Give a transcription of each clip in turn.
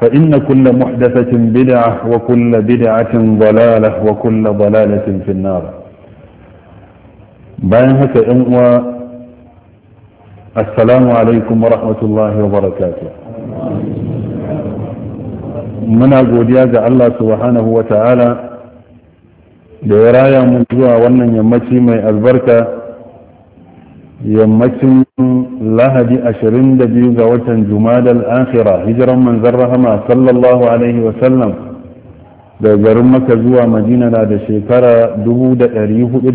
فإن كل محدثة بدعة وكل بدعة ضلالة وكل ضلالة في النار بيان هكا إنوى السلام عليكم ورحمة الله وبركاته من أقول يا الله سبحانه وتعالى da من جوا mun zuwa من البركة yammacin lahadi 22 ga watan jumadal akhira hijiran manzan rahama sallallahu alaihi wasallam da garin maka zuwa madina na da shekara 444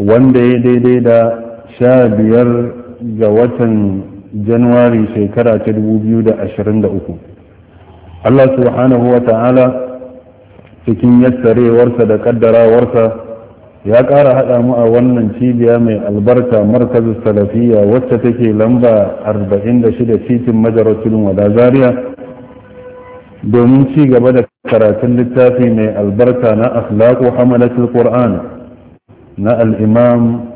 wanda ya daidai da 15 ga watan januwari shekara ta 2023 allah subhanahu wa ta'ala cikin yassarewarsa da kaddarawarsa ya ƙara haɗa mu a wannan cibiya mai albarka markazu salafiya wacce take lamba 46 titin majarar wada zaria domin ci gaba da karatun littafi mai albarka na akhlaqu hamalatul qur'an na al-imam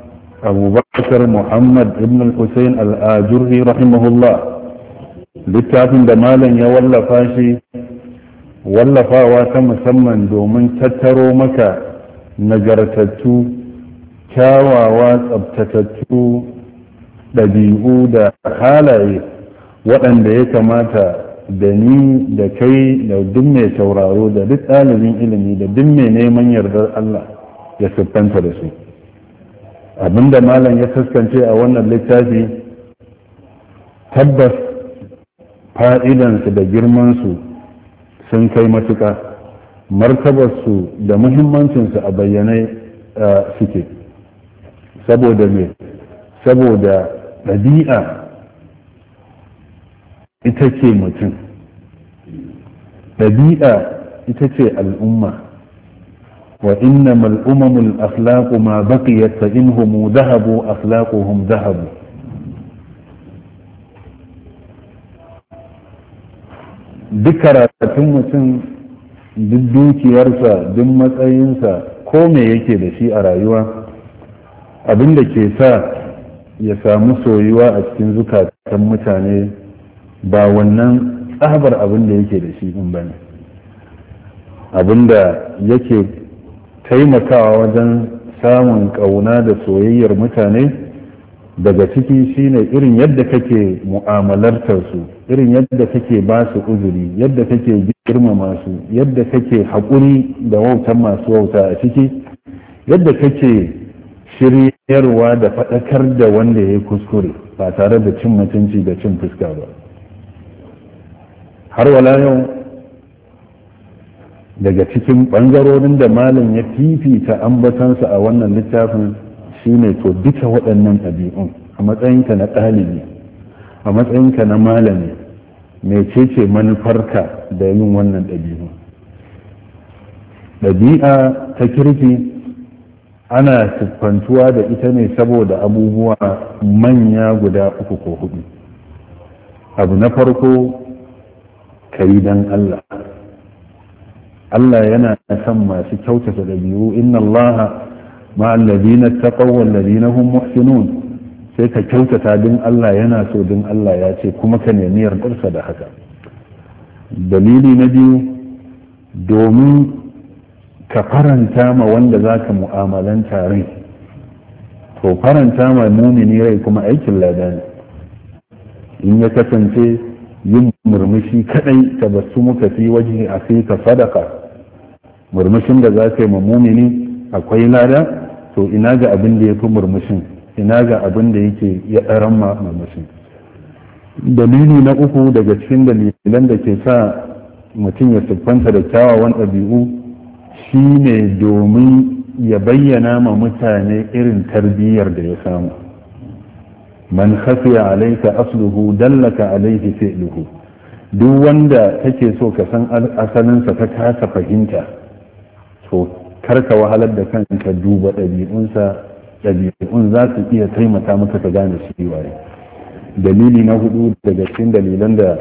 abubakar muhammad ibn al-husayn al-ajurri rahimahullah littafin da malam ya wallafa shi wallafawa ta musamman domin tattaro maka nagartattu kyawawa tsabtatattu ɗabi'u da halaye waɗanda ya kamata da ni da kai da duk mai sauraro da duk ɗalibin ilimi da duk mai neman yardar Allah ya siffanta da su abinda malam ya saskance a wannan littafi tabbas fa'idansu da girmansu sun kai matuƙa martabarsu da muhimmancinsu a bayyane eh, suke saboda me saboda ɗabi'a ita ce mutum ɗabi'a ita ce al'umma wa inna mal'umamul akhlaqu ma baqiyat fa inhum dhahabu akhlaquhum dhahabu duk karatun mutum duk dukiyarsa duk matsayinsa ko me yake da shi a rayuwa abin da ke sa ya samu soyuwa a cikin zukatan mutane ba wannan tsabar abin da yake da shi in bane abin da yake taimakawa wajen samun ƙauna da soyayyar mutane daga ciki shine irin yadda kake mu'amalartar su irin yadda kake ba su uzuri yadda kake girmama su yadda kake haƙuri da wautan masu wauta a ciki yadda kake shiryarwa da faɗakar da wanda ya yi kuskure ba tare da cin mutunci da cin fuska ba har wala yau daga cikin ɓangarorin da malam ya fifita ambatansa a wannan littafin ne to duka waɗannan ɗabi'un a matsayinka na ɗalibi a matsayinka na malami ce manufarka da yin wannan ɗabi'u ɗabi'a ta kirki ana siffantuwa da ita ne saboda abubuwa manya guda uku ko hudu abu na farko ka yi don allah allah yana son masu kyautata ɗabi'u inna ma allazina taqaw wallazina hum muhsinun sai ka kyautata din Allah yana so din Allah ya ce kuma ka nemi yardarsa da haka dalili na biyu domin ka faranta ma wanda zaka mu'amalan rai to faranta ma mumini rai kuma aikin lada ne in ya kasance yin murmushi kadai tabassu muka fi waje a sai ka sadaka murmushin da za ka yi ma mumini akwai lada to ina ga abin da ya fi murmushin ina ga abin da yake ya ɗaran ma murmushin dalili na uku daga cikin dalilan da ke sa mutum ya siffanta da kyawawan ɗabi'u shi ne domin ya bayyana ma mutane irin tarbiyyar da ya samu man khafiya alaika asluhu dallaka alaihi fi'luhu duk wanda take so ka san asalinsa ka kasa fahimta to karka wahalar da kanka duba ɗabi'unsa ɗabi'un za su iya taimaka maka ka gane shi waye dalili na hudu daga cikin dalilan da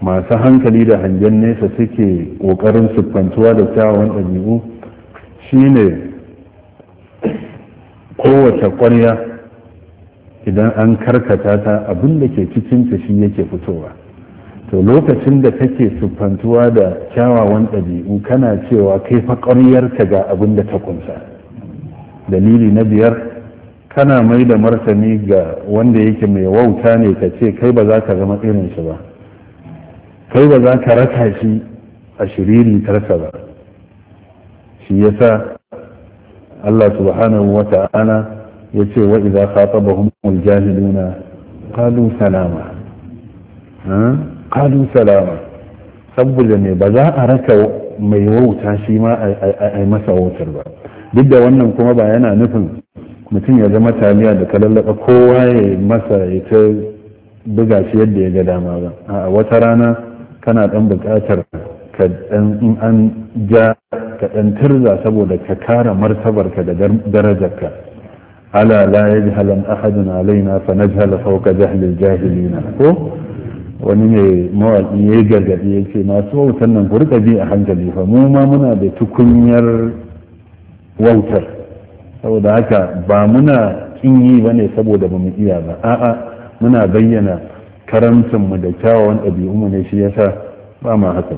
masu hankali da hangen nesa suke ƙoƙarin siffantuwa da kyawawan ɗabi'u shine kowace ƙwarya idan an karkata ta abin da ke cikinta shi yake fitowa to lokacin da kake siffantuwa da kyawawan ɗabi'u kana cewa kai fa yarta ga abin da ta kunsa dalili na biyar kana mai da martani ga wanda yake mai wauta ne ka ce kai ba za ka zama irin shi ba kai ba za ka raka shi a shiriri tarsa ba shi ya sa Allah subhanahu wa ta'ala ya ce wa idza khatabahum al-jahiluna qalu salama qalu salama saboda ne ba za a raka mai wauta shi ma a yi masa wautar ba duk da wannan kuma ba yana nufin mutum ya zama taliya da lallaba kowa ya masa ya ta buga shi yadda ya ga dama ba a wata rana kana dan bukatar ka dan in an ja ka dan tirza saboda ka kara martabarka da darajarka ala la yajhalan ahadun alaina fa najhala fawqa jahlil jahilina ko wani mai mawaƙi ya yi gargaɗi ya ce masu wautar nan ku rika bi a hankali fa mu ma muna da tukunyar wautar saboda haka ba muna kin yi ba ne saboda ba mu iya ba a'a muna bayyana karamcinmu da kyawawan ɗabi'unmu ne shi yasa ba ma haka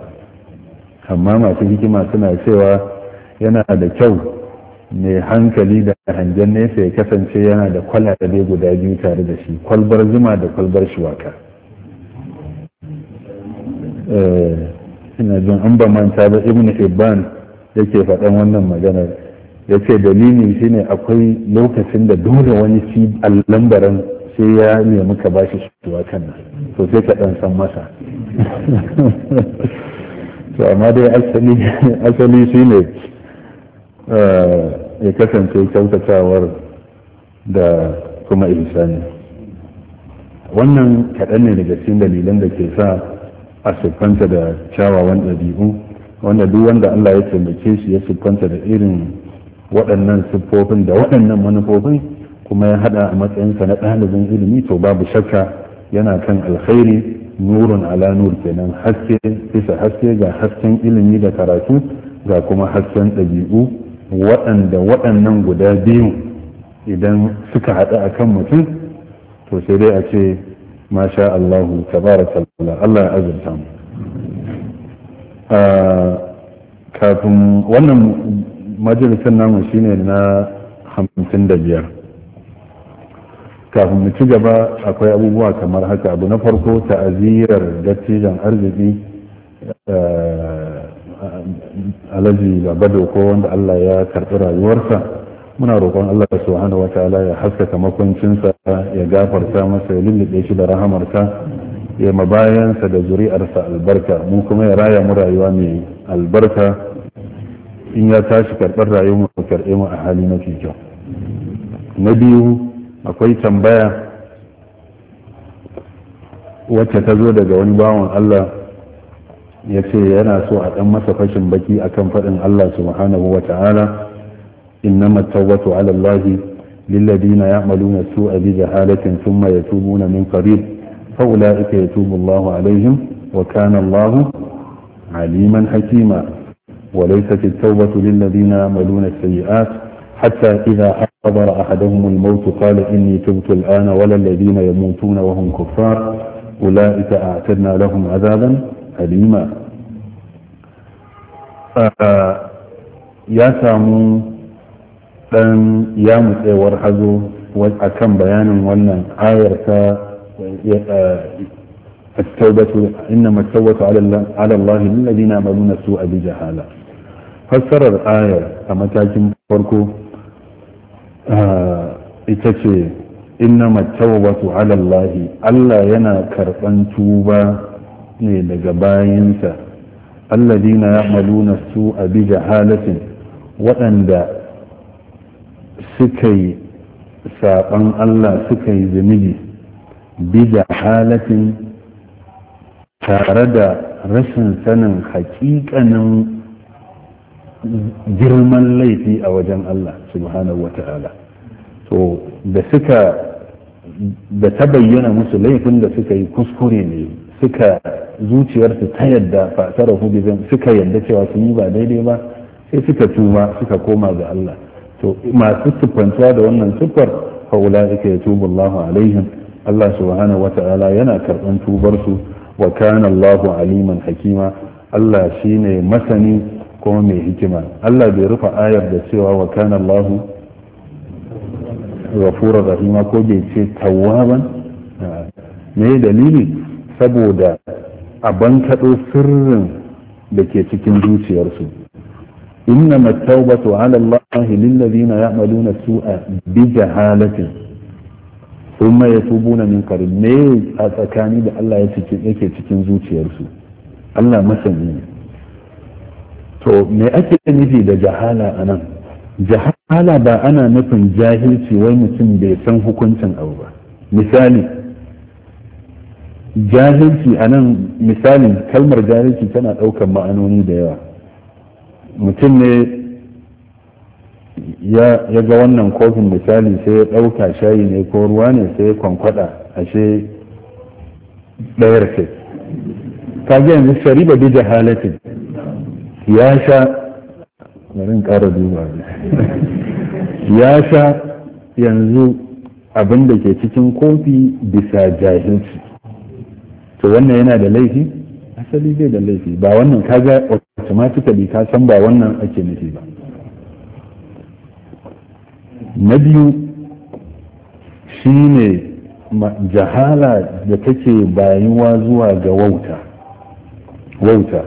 amma masu hikima suna cewa yana da kyau mai hankali da hangen nesa ya kasance yana da kwalabe guda biyu tare da shi kwalbar zuma da kwalbar shuwaka Eh, ina jin an ba manta ba ibn ibban yake faɗan wannan maganar yace ce dalili shine akwai lokacin da dole wani ci lambaran sai ya nemi ka bashi shuwa kan nan to sai ka ɗan san masa to amma dai asali shine eh, ya kasance kyautatawar da kuma ihsani wannan kaɗan ne daga cikin dalilan da ke sa a siffanta da kyawawan ɗabi'u wanda duk wanda Allah ya taimake shi ya siffanta da irin waɗannan siffofin da waɗannan manufofin kuma ya haɗa a matsayinsa na ɗalibin ilimi to babu shakka yana kan alkhairi nurun ala nur kenan haske bisa haske ga hasken ilimi da karatu ga kuma hasken ɗabi'u waɗanda waɗannan guda biyu idan suka haɗu a kan mutum to sai dai a ce ما شاء الله تبارك Allah Allah ya azurta mu kafin wannan majalisar namu shine na 55 da biyar kafin mu ci gaba akwai abubuwa kamar haka abu na farko ta'azirar dattijan arziki alaji ga bado ko wanda Allah ya karɓi rayuwarsa muna roƙon Allah subhanahu wa ta'ala ya haskaka makuncinsa ya gafarta masa ya lullube shi da rahamarsa ya mabayansa da zuri'arsa albarka mun kuma ya raya mu rayuwa mai albarka in ya tashi karɓar rayuwa mu karɓe mu a hali mafi kyau na biyu akwai tambaya wacce ta zo daga wani bawan Allah ya ce yana so a ɗan masa fashin baki akan faɗin Allah subhanahu wa ta'ala إنما التوبة على الله للذين يعملون السوء بجهالة ثم يتوبون من قريب فأولئك يتوب الله عليهم وكان الله عليما حكيما وليست التوبة للذين يعملون السيئات حتى إذا حضر أحدهم الموت قال إني تبت الآن ولا الذين يموتون وهم كفار أولئك أعتدنا لهم عذابا أليما آه، يا سامون ɗan yamutsewar hazo a kan bayanin wannan ayar ta التوبة إنما التوبة على الله للذين يعملون السوء بجهالة فسر الآية كما تاكم فرقو إتشي إنما التوبة على الله ألا ينا كربان توبة لجباينسا الذين يعملون السوء بجهالة وأن suka yi saɓan Allah suka yi zunubi da halafin tare da rashin sanin haƙiƙanin girman laifi a wajen Allah subhanahu wa ta'ala to da suka da ta bayyana musu laifin da suka yi kuskure ne suka zuciyarsu ta yadda fasara hubizin suka yadda cewa sun yi ba daidai ba sai suka tuba suka koma ga Allah to masu siffantuwa da wannan siffar haula ika ya tubu Allah alaihim Allah subhanahu wa ta'ala yana karɓan tubarsu wa kana Allah aliman hakima Allah shine masani kuma mai hikima Allah bai rufe ayar da cewa wa kana Allah ghafurur rahima ko bai ce tawwaban me dalili saboda a bankaɗo sirrin da ke cikin zuciyarsu إنما التوبة على الله للذين يعملون السوء بجهالة ثم يتوبون من قريب ne a tsakani da Allah yake cikin zuciyarsu Allah masani ne to me ake nufi da jahala anan nan ba ana nufin jahilci wai mutum bai san hukuncin abu ba misali kalmar jahilci tana ɗaukar ma'anoni da yawa mutum ne ya ga wannan kofin misali sai ya ɗauka shayi ne ko ruwa ne sai ya kwankwada ashe ɗayar ce kage yanzu shariba bi jahalatin ya sha bari ƙara duba ya sha yanzu abin da ke cikin kofi bisa jahilci to wannan yana da laifi asali zai da laifi ba wannan kaga automatically ka san ba wannan ake nufi ba na biyu shine jahala da take bayuwa zuwa ga wauta wauta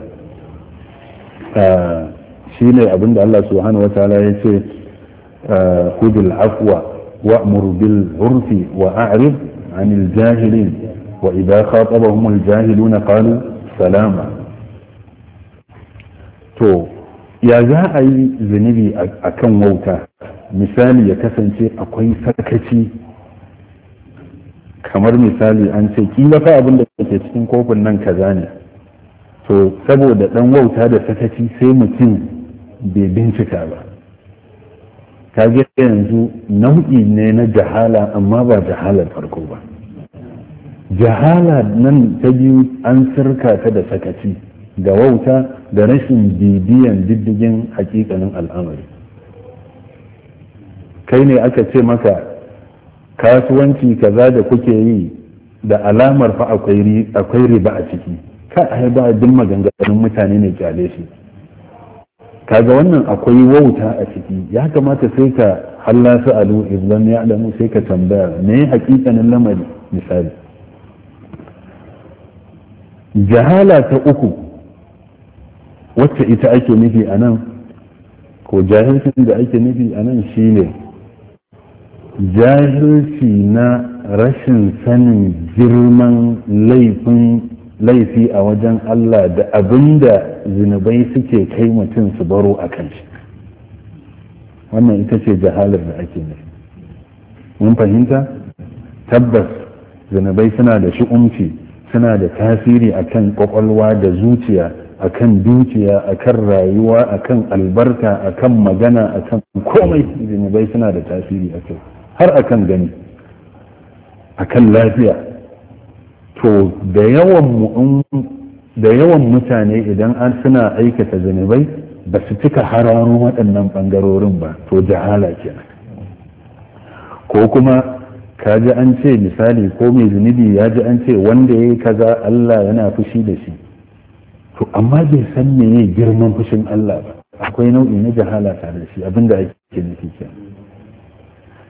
ah, shine abinda Allah subhanahu wa ta'ala ya ce ah, hudul afwa wa bil urfi wa a'rid anil jahilin wa idza khatabahum al jahiluna qalu salama to ya za a yi zunubi a kan wauta misali ya kasance akwai sarkaci kamar misali an ce kila fa abin da ke cikin kofin nan kaza ne to saboda dan wauta da sakaci sai mutum bai bincika ba ta yanzu nau'i ne na jahala amma ba jahalar farko ba jahala nan ta biyu an sirka ta da sakaci da wauta da rashin bibiyan diddigin hakikanin al'amari kai ne aka ce maka kasuwanci kaza da kuke yi da alamar fa akwai riba a ciki ka a ba duk maganganun mutane ne kyale shi kaga wannan akwai wauta a ciki ya kamata sai ka halla alu islam ya damu sai ka tambaya me hakikanin lamari misali jahala ta uku wacce ita ake nufi a nan ko jahilcin da ake nufi a nan shine jahilci na rashin sanin girman laifin laifi a wajen Allah da abinda zinubai suke kai mutum su baro a kan shi wannan ita ce jahalar da ake nufi mun fahimta tabbas zinubai suna da shi'umci suna da tasiri akan kwakwalwa da zuciya akan dukiya kan rayuwa akan albarka akan magana akan komai zunubai suna da tasiri a kai har akan gani akan lafiya to da yawan da yawan mutane idan an suna aikata zunubai ba su cika hararo waɗannan ɓangarorin ba to jahala kenan ko kuma ka ji an ce misali ko mai zunubi ya ji an ce wanda ya yi kaza Allah yana fushi da shi to amma bai san me ne girman fushin Allah ba akwai nau'i na jahala tare da shi abinda ake nufi ke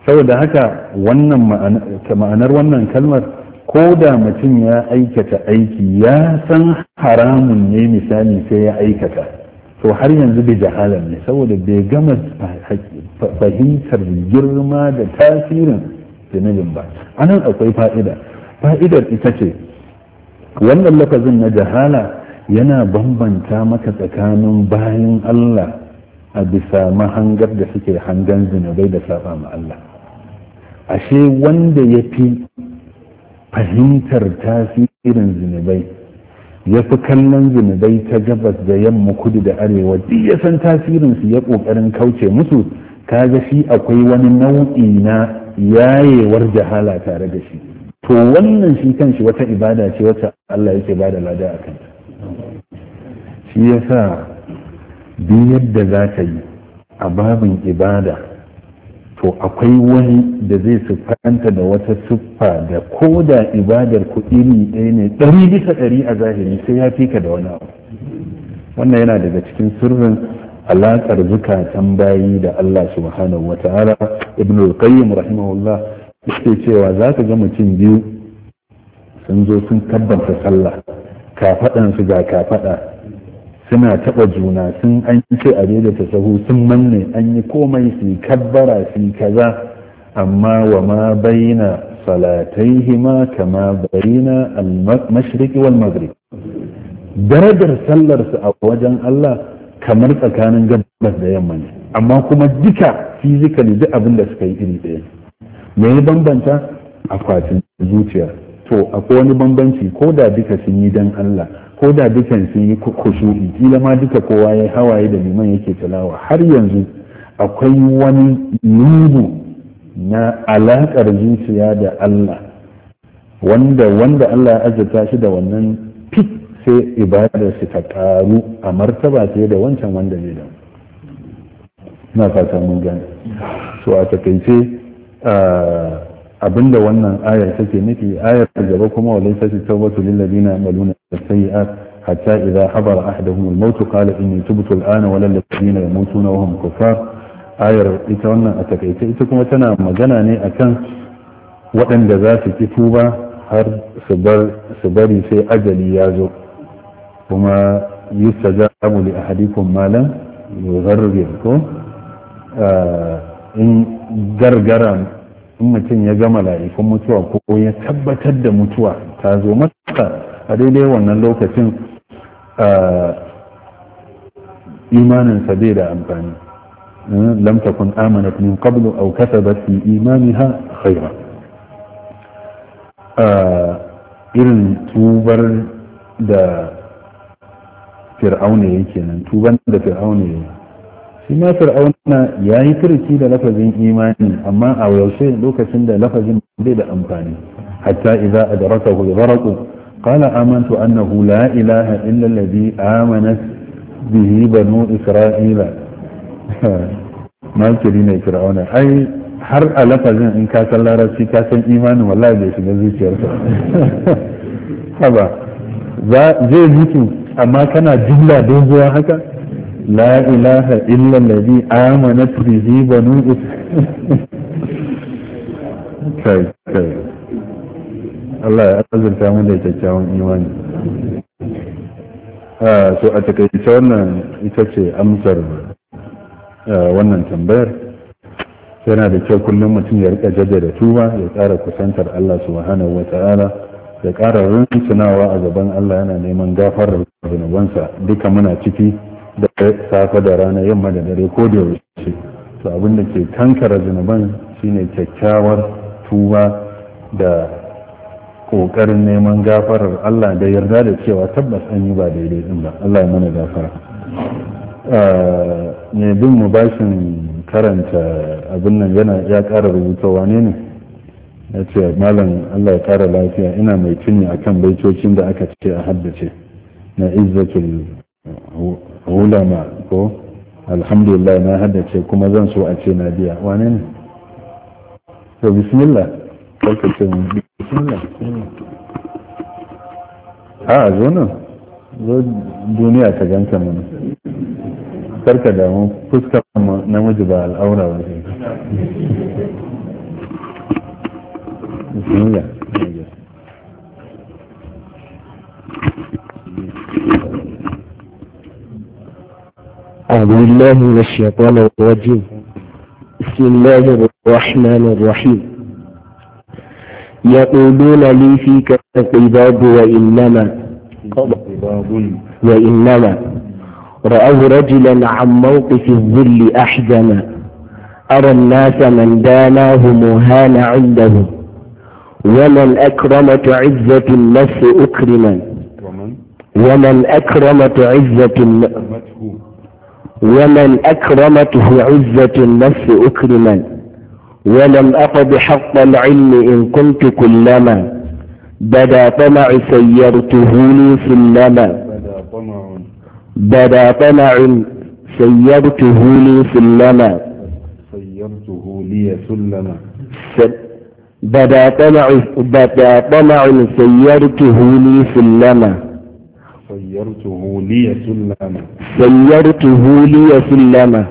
saboda haka wannan ma'anar wannan kalmar ko da mutum ya aikata aiki ya san haramun ne misali sai ya aikata to har yanzu bai jahalar ne saboda bai gama fahimtar girma da tasirin zunubin ba a akwai fa'ida fa'idar ita ce wannan lokacin na jahala yana bambanta maka tsakanin bayan Allah a bisa mahangar da suke hangan zunubai da safa ma Allah ashe wanda ya fi fahimtar tasirin zunubai ya fi kallon zunubai ta gabas da yamma kudu da arewa duk ya san tasirinsu ya ƙoƙarin kauce musu ka ga shi akwai wani nau'i na yayewar jahala tare da shi to wannan shi kanshi wata ibada ce wacce Allah yake ba da lada a kanta shi ya sa duk yadda za ka yi a babin ibada to akwai wani da zai siffanta da wata siffa da koda ibadar ku iri ɗaya ne ɗari bisa ɗari a zahiri sai ya fi da wani abu wannan yana daga cikin sirrin alaƙar zukatan bayi da Allah subhanahu wa ta'ala ibn al-qayyim rahimahullah yake cewa za ka ga mutum biyu sun zo sun tabbata sallah kafaɗan su ga kafaɗa suna taɓa juna sun an ce a da ta sahu sun manne an yi komai su kabbara su kaza amma wa ma Salatai salataihima kama bayyana al-mashriq wal maghrib darajar sallar su a wajen Allah kamar tsakanin gabas da yamma ne amma kuma duka fizikali duk abin da suka yi iri ɗaya me ya bambanta akwatin zuciya to akwai wani bambanci ko da duka sun yi dan Allah ko da dukan sun yi kusuri kila ma duka kowa ya hawaye da liman yake talawa har yanzu akwai wani nubu na alaƙar zuciya da Allah wanda wanda Allah ya azurta shi da wannan sai ibadar su ta karu a martaba sai da wancan wanda zai da na fata mun gani so a takaice abinda wannan ayar take nufi ayar gaba kuma walai tashi tawbatu na ladina yamaluna sayyi'at hatta idza habara ahaduhum al qala inni tubtu al ana wal ladina yamutuna na hum kufar ayar ita wannan a takaice ita kuma tana magana ne akan waɗanda za su ki tuba har su bari sai ajali ya zo kuma yustajabu li ahadikum malam yughargir ko eh, in gargara in mutum ya gama laifin mutuwa ko ya tabbatar da mutuwa ta zo masa a daidai wannan lokacin eh, imaninsa bai da amfani eh, lamtakun takun amanat min qablu aw kasabat fi imaniha khayra irin tubar da fir'auna ya nan tuban da fir'auna ya shi ma fir'auna ya yi turki da lafazin imani amma a yaushe lokacin da lafazin bai da amfani hatta idza adrakahu al-gharq qala amantu annahu la ilaha illa alladhi amanat bihi banu isra'ila makiri ne fir'auna ai har a lafazin in ka san larabci ka san imanin wallahi bai shiga zuciyarsa haba zai mutu amma kana jumla don zuwa haka la ilaha illa ladi amanat bihi banu kai kai Allah ya azurta mu da kyakkyawan imani so ah, a takaice wannan ita ce amsar ah, wannan tambayar yana da kyau kullum mutum ya rika jaddada tuba ya tsara kusantar Allah subhanahu wa ta'ala da ƙara runsunawa a gaban Allah yana neman gafarar zunubansa duka muna ciki da safe da rana yamma da dare ko da yaushe to abin da ke kankara zunuban shine kyakkyawar tuba da ƙoƙarin neman gafarar Allah da yarda da cewa tabbas an yi ba daidai din ba Allah ya mana gafara mai bin mu bashin karanta abin nan yana ya ƙara rubuta ne ne ya ce malam Allah ya kara lafiya ina mai tuni akan baitocin da aka ce a haddace na izzatul hulama, ko alhamdulillah na haddace kuma zan so a ce na biya wane ne to bismillah barkacin bismillah a zo nan zo duniya ta ganta mana karka damu fuskar namiji ba al'aura ba بسم أعوذ بالله من الشيطان الرجيم بسم الله الرحمن الرحيم يقولون لي فيك قباب وإنما قباب وإنما رأوا رجلا عن موقف الظل أحجما أرى الناس من داناه مهان عندهم ومن أكرم عزة النفس أكرما ومن أكرمت عزة ومن أكرمته عزة النفس أكرما ولم أقض حق العلم إن كنت كلما بدا طمع سيرته لي سلما بدا طمع سيرته لي سلما سيرته لي سلما بدا طمع بدا طمع سيرته لي سلما سيرته لي سلما سيرته لي سلما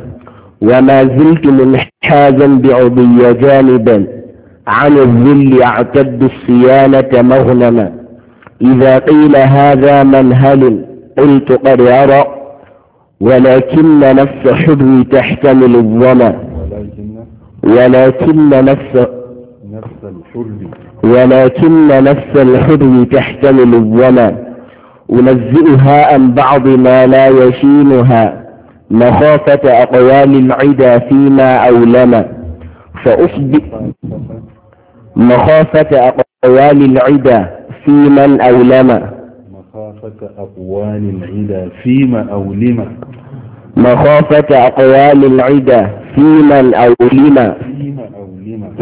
وما زلت منحازا بعضي جانبا عن الذل اعتد الصيانة مغنما إذا قيل هذا منهل قلت قد أرى ولكن نفس حبي تحتمل الظما ولكن نفس ولكن نفس الحر تحتمل الظما أنزئها عن بعض ما لا يشينها مخافة أقوال العدا فيما أولما فأصبح مخافة أقوال العدا في من أولما مخافة أقوال العدا فيما أولما مخافة أقوال العدا فيما أولما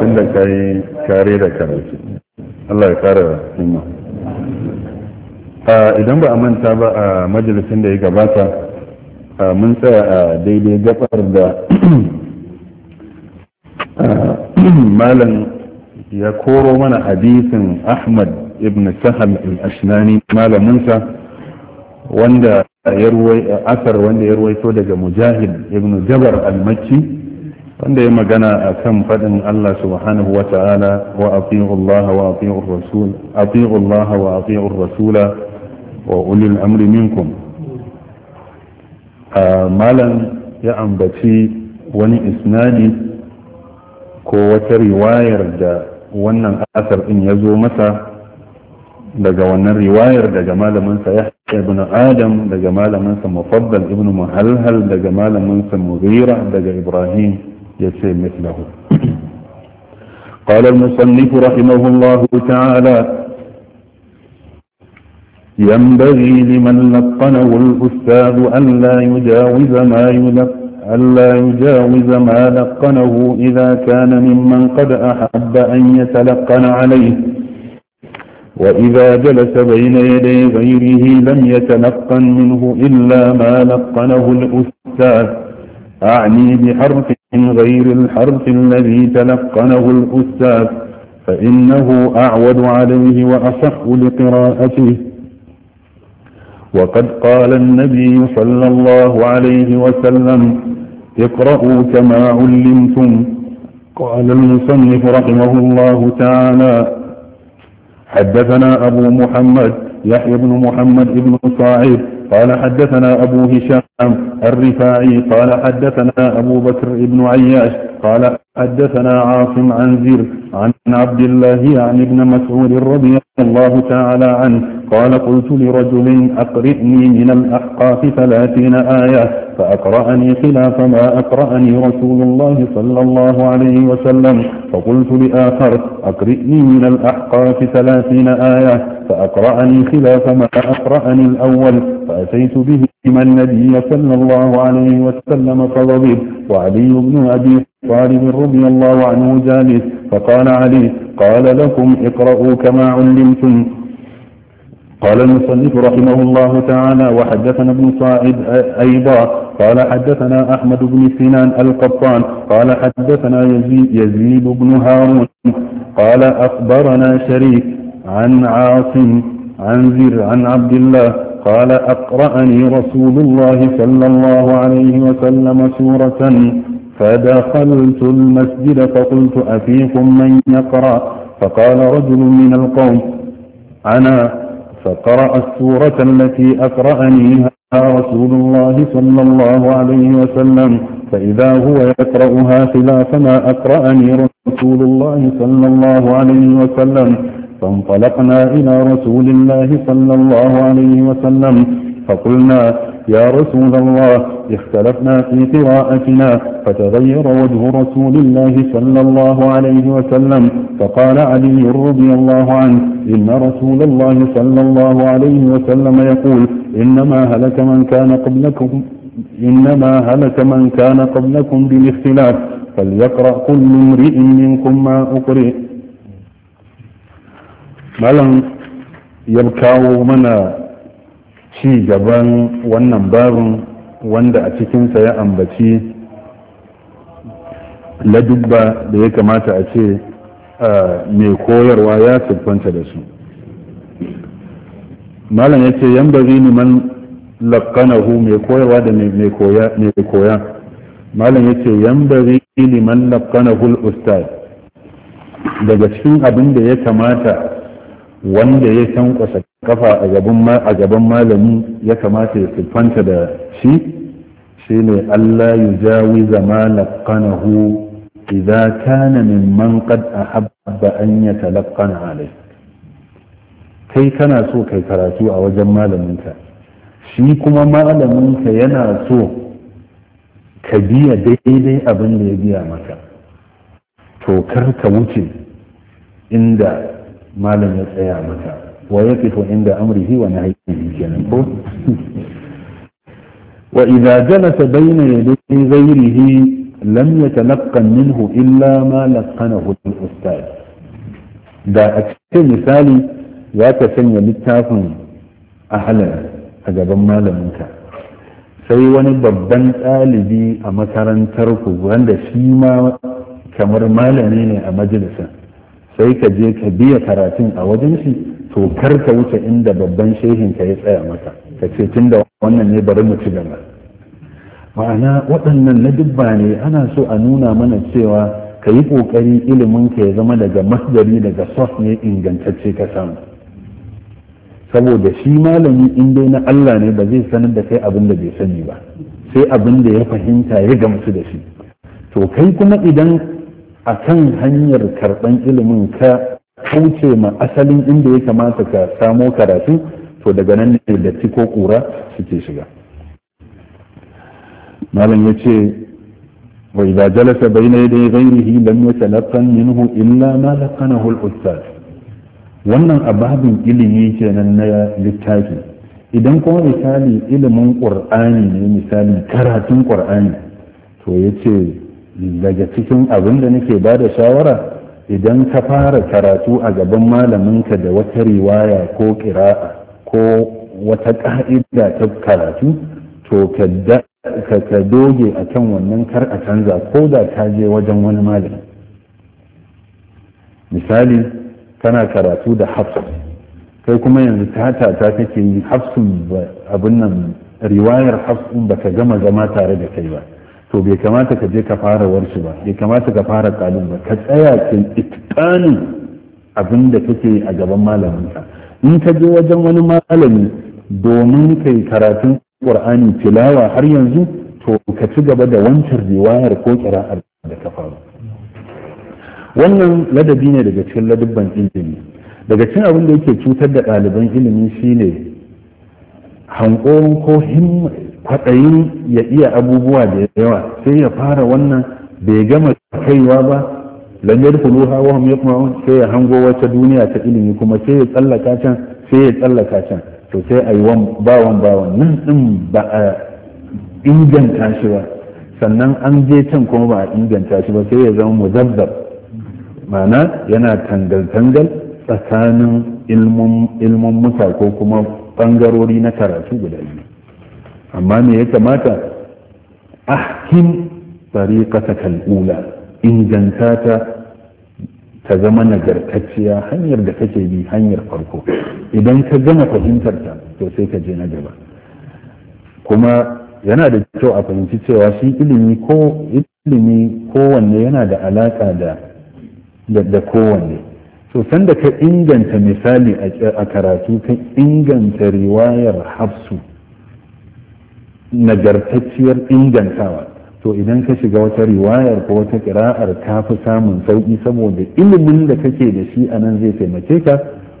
abin da ka yi kare da karatu Allah ya kara himma idan ba a manta ba a majalisin da ya gabata mun tsaya a daidai gabar da malam ya koro mana hadisin ahmad ibn sahal al-ashnani malaminsa wanda asar wanda ya ruwaito daga mujahid ibn jabar al-makki wanda ya magana a kan faɗin Allah subhanahu wa ta'ala wa Allah wa ati'u rasul rasula wa ulil amri minkum malam ya ambaci wani isnadi ko wata riwayar da wannan asar din ya zo masa daga wannan riwayar daga malaminsa ya ibn adam daga malaminsa mufaddal ibn muhalhal daga malaminsa mughira daga ibrahim يسير مثله قال المصنف رحمه الله تعالى ينبغي لمن لقنه الأستاذ أن لا يجاوز ما يلق ألا يجاوز ما لقنه إذا كان ممن قد أحب أن يتلقن عليه وإذا جلس بين يدي غيره لم يتلقن منه إلا ما لقنه الأستاذ أعني بحرف من غير الحرف الذي تلقنه الأستاذ فإنه أعود عليه وأصح لقراءته وقد قال النبي صلى الله عليه وسلم اقرأوا كما علمتم قال المصنف رحمه الله تعالى حدثنا أبو محمد يحيى بن محمد بن صاعد قال حدثنا أبو هشام الرفاعي قال حدثنا أبو بكر بن عياش قال حدثنا عاصم عن زير عن عبد الله عن ابن مسعود رضي الله تعالى عنه قال قلت لرجل أقرئني من الأحقاف ثلاثين آية فأقرأني خلاف ما أقرأني رسول الله صلى الله عليه وسلم فقلت لآخر أقرئني من الأحقاف ثلاثين آية فأقرأني خلاف ما أقرأني الأول فأتيت به من النبي صلى الله عليه وسلم فضبه وعلي بن أبي طالب رضي الله عنه جالس فقال علي قال لكم اقرأوا كما علمتم قال المصنف رحمه الله تعالى وحدثنا ابن صاعد أيضا قال حدثنا أحمد بن سنان القطان قال حدثنا يزيد, يزيد بن هارون قال أخبرنا شريك عن عاصم عن زر عن عبد الله قال أقرأني رسول الله صلى الله عليه وسلم سورة فدخلت المسجد فقلت أفيكم من يقرأ فقال رجل من القوم أنا فقرأ السورة التي أقرأنيها رسول الله صلى الله عليه وسلم فإذا هو يقرأها خلاف ما أقرأني رسول الله صلى الله عليه وسلم فانطلقنا إلى رسول الله صلى الله عليه وسلم فقلنا يا رسول الله اختلفنا في قراءتنا فتغير وجه رسول الله صلى الله عليه وسلم فقال علي رضي الله عنه إن رسول الله صلى الله عليه وسلم يقول إنما هلك من كان قبلكم إنما هلك من كان قبلكم بالاختلاف فليقرأ كل امرئ منكم ما أقرئ ملن يبكاو منا ci gaban wannan babin wanda a cikinsa ya ambaci ladubba da ya kamata a ce mai koyarwa ya siffanta da su malam ya ce yan bari ni man laƙanahu mai koyarwa da mai koya malam ya ce yan bari ni man laƙanahu ustad daga cikin abin da ya kamata wanda ya tankwasa kafa a gaban malami ya kamata ya siffanta da shi shi ne Allah ya jawi zama laƙanahu idza kana mimman qad ahabba an yatalaqqana alayh kai kana so kai karatu a wajen malaminka shi kuma malaminka yana so ka biya daidai abin da ya biya maka to kar ka wuce inda malamin ya tsaya maka ويقف عند أمره ونهيه جنبه وإذا جلس بين يدي غيره لم يتلقن منه إلا ما لقنه الأستاذ دا أكثر مثالي ذاك سنة للتافن أهلا أجاب ما لمنك sai wani babban ɗalibi a makarantar وعند wanda shi ma kamar malami ne a majalisar sai ka je ka biya karatun a wajen shi to kar ka wuce inda babban shehin ka ya tsaya maka ka ce tun da wannan ne bari mu ci gaba ma'ana waɗannan na dubba ne ana so a nuna mana cewa ka yi ƙoƙari ilimin ka ya zama daga masdari daga sos ne ingantacce ka samu saboda shi malami in dai na Allah ne ba zai sanar da kai abin da bai sani ba sai abin da ya fahimta ya gamsu da shi to kai kuma idan a kan hanyar karɓan ilimin ka kauce ma asalin inda ya kamata ka samo karatu to daga nan ne da ko kura suke shiga malam ya ce wa idza jalasa bayna yaday ghayrihi lam yatalaqan minhu illa ma laqanahu al-ustad wannan ababin ilimi kenan na littafi idan kuma misali ilimin qur'ani ne misali karatun qur'ani to yace daga cikin abin da nake bada shawara idan ka fara karatu a gaban malaminka da wata riwaya ko kira'a ko wata ka'ida ta karatu to ka doge a kan wannan kar a canza ko da ka je wajen wani malami misali kana karatu da hafsu kai kuma yanzu tata ta kake yi hafsun abin nan riwayar hafsun ba ka gama zama tare da kai ba to bai kamata ka je ka fara warsu ba bai kamata ka fara kalin ba ka tsaya kin itqanin abin da kake a gaban ka in ka je wajen wani malami domin kai karatun qur'ani tilawa har yanzu to ka ci gaba da wancan riwayar ko kira'ar da ka faru wannan ladabi ne daga cikin ladubban ilimi daga cikin abin da yake cutar da ɗaliban ilimi shine hankon ko kwaɗayin ya iya abubuwa da yawa sai ya fara wannan bai gama kaiwa ba lam kulu hawa sai ya hango wata duniya ta ilimi kuma sai ya tsallaka can sai ya tsallaka can to sai ayi wan bawan bawan nan din ba a inganta shi ba sannan an je can kuma ba a inganta shi ba sai ya zama muzabbab ma'ana yana tangal tangal tsakanin ilmun ilmun ko kuma bangarori na karatu guda biyu amma me ya kamata ahkim tariqataka kalula ula inganta ta ta zama nagartacciya hanyar da kake bi hanyar farko idan ka gama fahimtar ta to sai ka je na gaba kuma yana da kyau a fahimci cewa shi ilimi ko ilimi kowanne yana da alaƙa da da kowanne so da ka inganta misali a karatu ka inganta riwayar hafsu nagartacciyar ingantawa to idan ka shiga wata riwayar ko wata kira'ar ka fi samun sauƙi saboda ilimin da kake da shi a nan zai taimake ka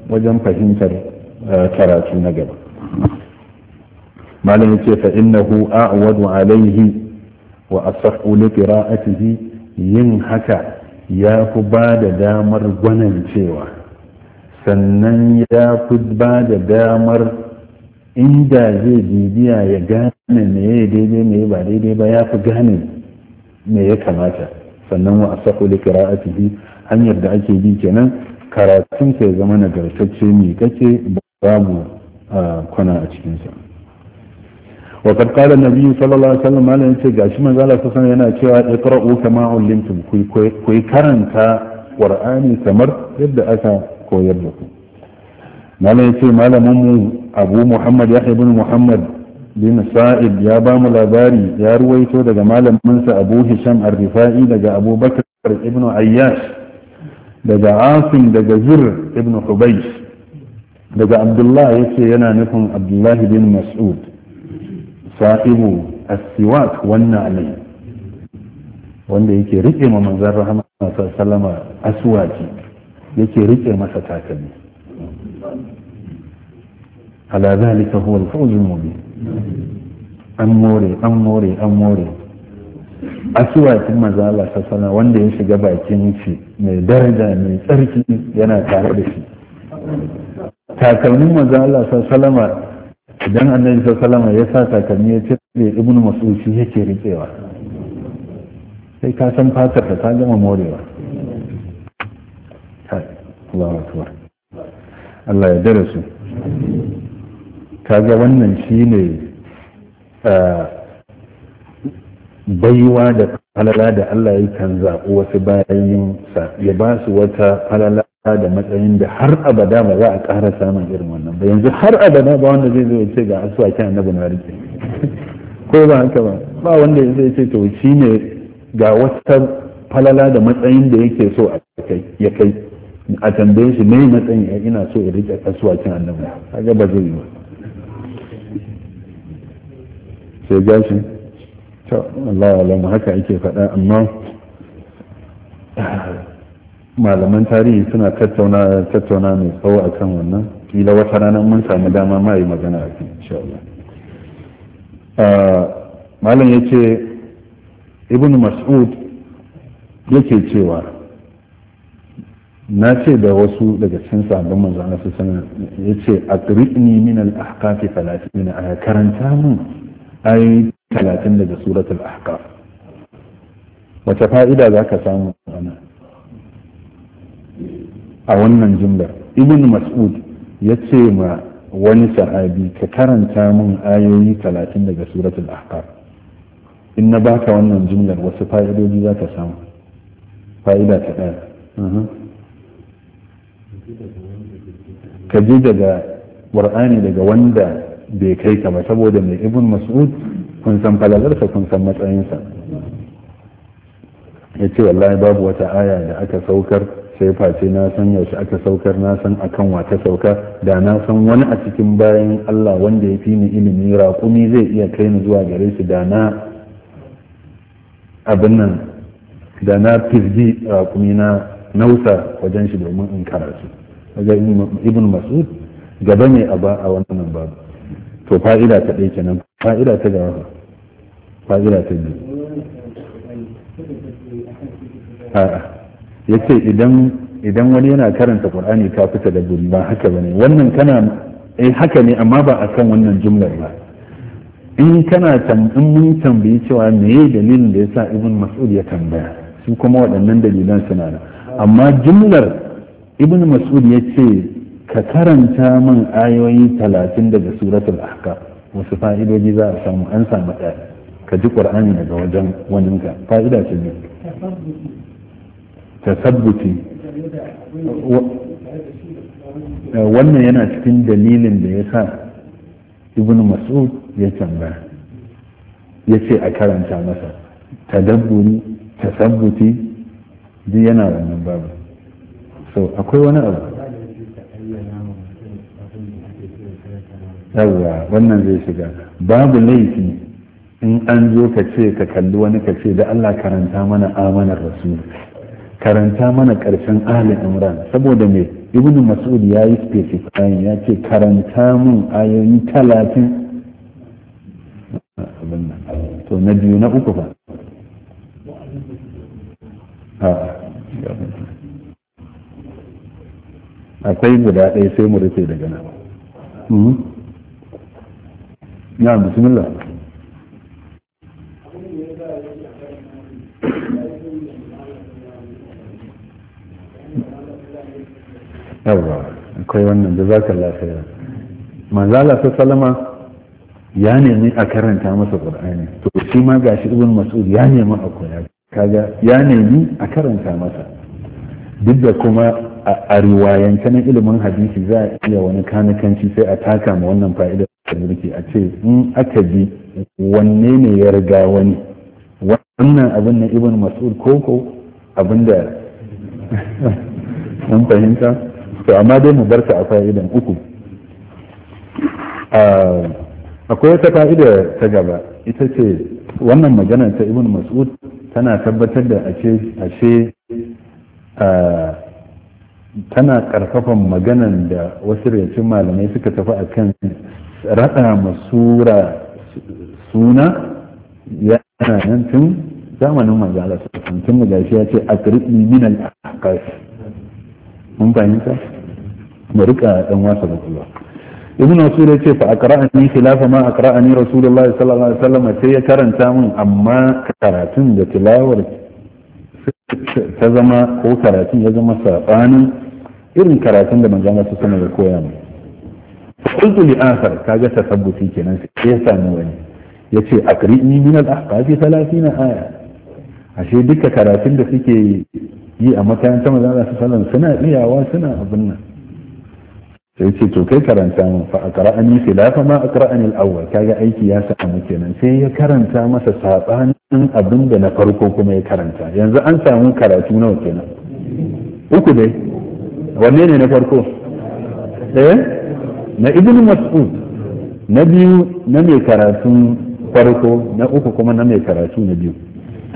wajen fahimtar eh, karatu na gaba malam yace fa innahu a'wadu alaihi wa asahhu li qira'atihi yin haka ya fi bada da damar gwanancewa sannan ya fi ba da damar inda zai bibiya ya gane me ya daidai me ba daidai ba ya fi gane me ya kamata sannan wa asahu li qira'atihi hanyar da ake bi kenan karatun sai zama nagartacce mai kace babu kwana a cikin sa wa kad qala nabi sallallahu alaihi wasallam ce gashi manzo Allah sallallahu yana cewa iqra'u kama ullimtum ku karanta qur'ani kamar yadda aka koyar da ku malam ya ce malaminmu abu muhammad yahya bin muhammad bin sa'id ya ba mu labari ya ruwaito daga malaminsa abu hisham ar-rifa'i daga abubakar ibn ayyash daga asim daga zir ibn hubaysh daga abdullah yace yana nufin abdullahi bin mas'ud sa'ibu as-siwak wannan alai wanda yake rike ma manzon rahama sallama aswaki yake rike masa takalmi ala zalika huwa al-fawz al an more an more an more asuwakin maza Allah sana wanda ya shiga bakin shi mai daraja mai tsarki yana tare da shi takalmin maza Allah salama idan annabi sassalama ya sa takalmi ya ce ibn mas'ud shi yake riƙewa. sai ka san fatar ta gama morewa Allah ya darasu kaga wannan shi ne baiwa da falala da Allah ya kan zaɓi wasu bayan ya ba su wata falala da matsayin da har abada ba za a ƙara samun irin wannan ba yanzu har abada ba wanda zai zo ya ce ga asuwakin annabi na rike ko ba haka ba ba wanda zai ce to shi ne ga wata falala da matsayin da yake so ya kai a tambaye shi me matsayin ina so ya rike asuwakin annabi kaga ba zai yi ba sai gashi ta Allah lamu haka ake faɗa amma malaman tarihi suna tattauna tattauna mai tsawo akan wannan kila wata rana mun samu dama ma yi magana a kan insha Allah malam ce ibn mas'ud yake cewa na ce da wasu daga cikin sabon manzo Allah sallallahu alaihi wasallam yace aqrini min al-ahqafi 30 a karanta mun ayoyi talatin daga suratul ahqaf wace fa'ida za ka samu a wannan jimlar ibn mas'ud ya ce ma wani sahabi ka karanta min ayoyi talatin daga suratul ahqaf in na baka wannan jimlar wasu fa'idoji za ka samu fa'ida ta ɗaya ka je daga ƙur'ani daga wanda bai kai ka ba saboda mai ibn mas'ud kun san falalarsa kun san matsayinsa ya ce wallahi babu wata aya da aka saukar sai face na san yaushe aka saukar na san akan wata sauka da na san wani a cikin bayan Allah wanda ya fi ni ilimi raƙumi zai iya kai ni zuwa gare shi da na abin nan da na firgi raƙumi na nausa wajen shi domin in karatu daga ibn mas'ud gaba ne a ba a wannan babu to fa'ida ta ɗaya kenan fa'ida ta gaba fa'ida ta biyu Ya ce idan idan wani yana karanta ƙwar'ani ka fita da buri ba haka bane wannan kana eh haka ne amma ba a kan wannan jumlar ba in kana in mun tambayi cewa meye dalilin da ya sa ibn mas'ud ya tambaya su kuma waɗannan dalilan suna da? amma jumlar ibn mas'ud ya ce ka karanta min ayoyi talatin daga suratul ahqaf wasu fa'idoji za a samu an samu ɗaya ka ji ƙur'ani daga wajen waninka fa'ida ce ne sabbuti. wannan yana cikin dalilin da ya sa ibn mas'ud ya canza, ya ce a karanta masa ta sabbuti. duk yana wannan babu so akwai wani abu yawwa wannan zai shiga babu laifi in an zo ka ce ka kalli wani ka ce da Allah karanta mana amanar rasul karanta mana karshen ahli imran saboda me ibn mas'ud ya yi specifying ya ce karanta mun ayoyi talatin to na biyu na uku fa akwai guda ɗaya sai mu rufe daga nan hmm? na bismillah yawa akwai wannan da za ka lafiya manzala ta salama ya nemi a karanta masa qur'ani to shi ma gashi ibn mas'ud ya nemi a koya kaga ya nemi a karanta masa duk da kuma a riwayance ilimin hadisi za a iya wani kanakanci sai a taka ma wannan fa'ida da mulki a ce in aka bi wanne ne ya riga wani wannan abin na ibn mas'ud koko abin da mun fahimta to amma dai mu bar ta a fa'idan uku akwai wata fa'ida ta gaba ita ce wannan magana ta ibn mas'ud tana tabbatar da ashe ce tana karfafan maganan da wasu rayacin malamai suka tafi a kan raɗa masura suna yana nan tun zamanin manzala sun tun da gashi ya ce a kirɗi minan al'akas mun fahimta mu rika dan wasa da kula ibn rasul ya ce fa aqra'ani khilafa ma aqra'ani rasulullah sallallahu alaihi wasallam sai ya karanta mun, amma karatun da tilawar ta zama ko karatun ya zama saɓanin irin karatun da manzan wasu sama da koya mu qultu li akhar kaga tasabbuti kenan sai ya sami wani yace aqri'ni min al-ahqafi na aya ashe duka karatun da suke yi a makarantar ta Allah sallallahu suna iyawa suna abin nan sai ce to kai karanta min fa aqra'ani khilafa ma aqra'ani al-awwal kaga aiki ya samu kenan sai ya karanta masa sabanin abin da na farko kuma ya karanta yanzu an samu karatu nawa kenan uku dai wanne ne na farko eh na ibn mas'ud na biyu na mai karatu farko na uku kuma na mai karatu na biyu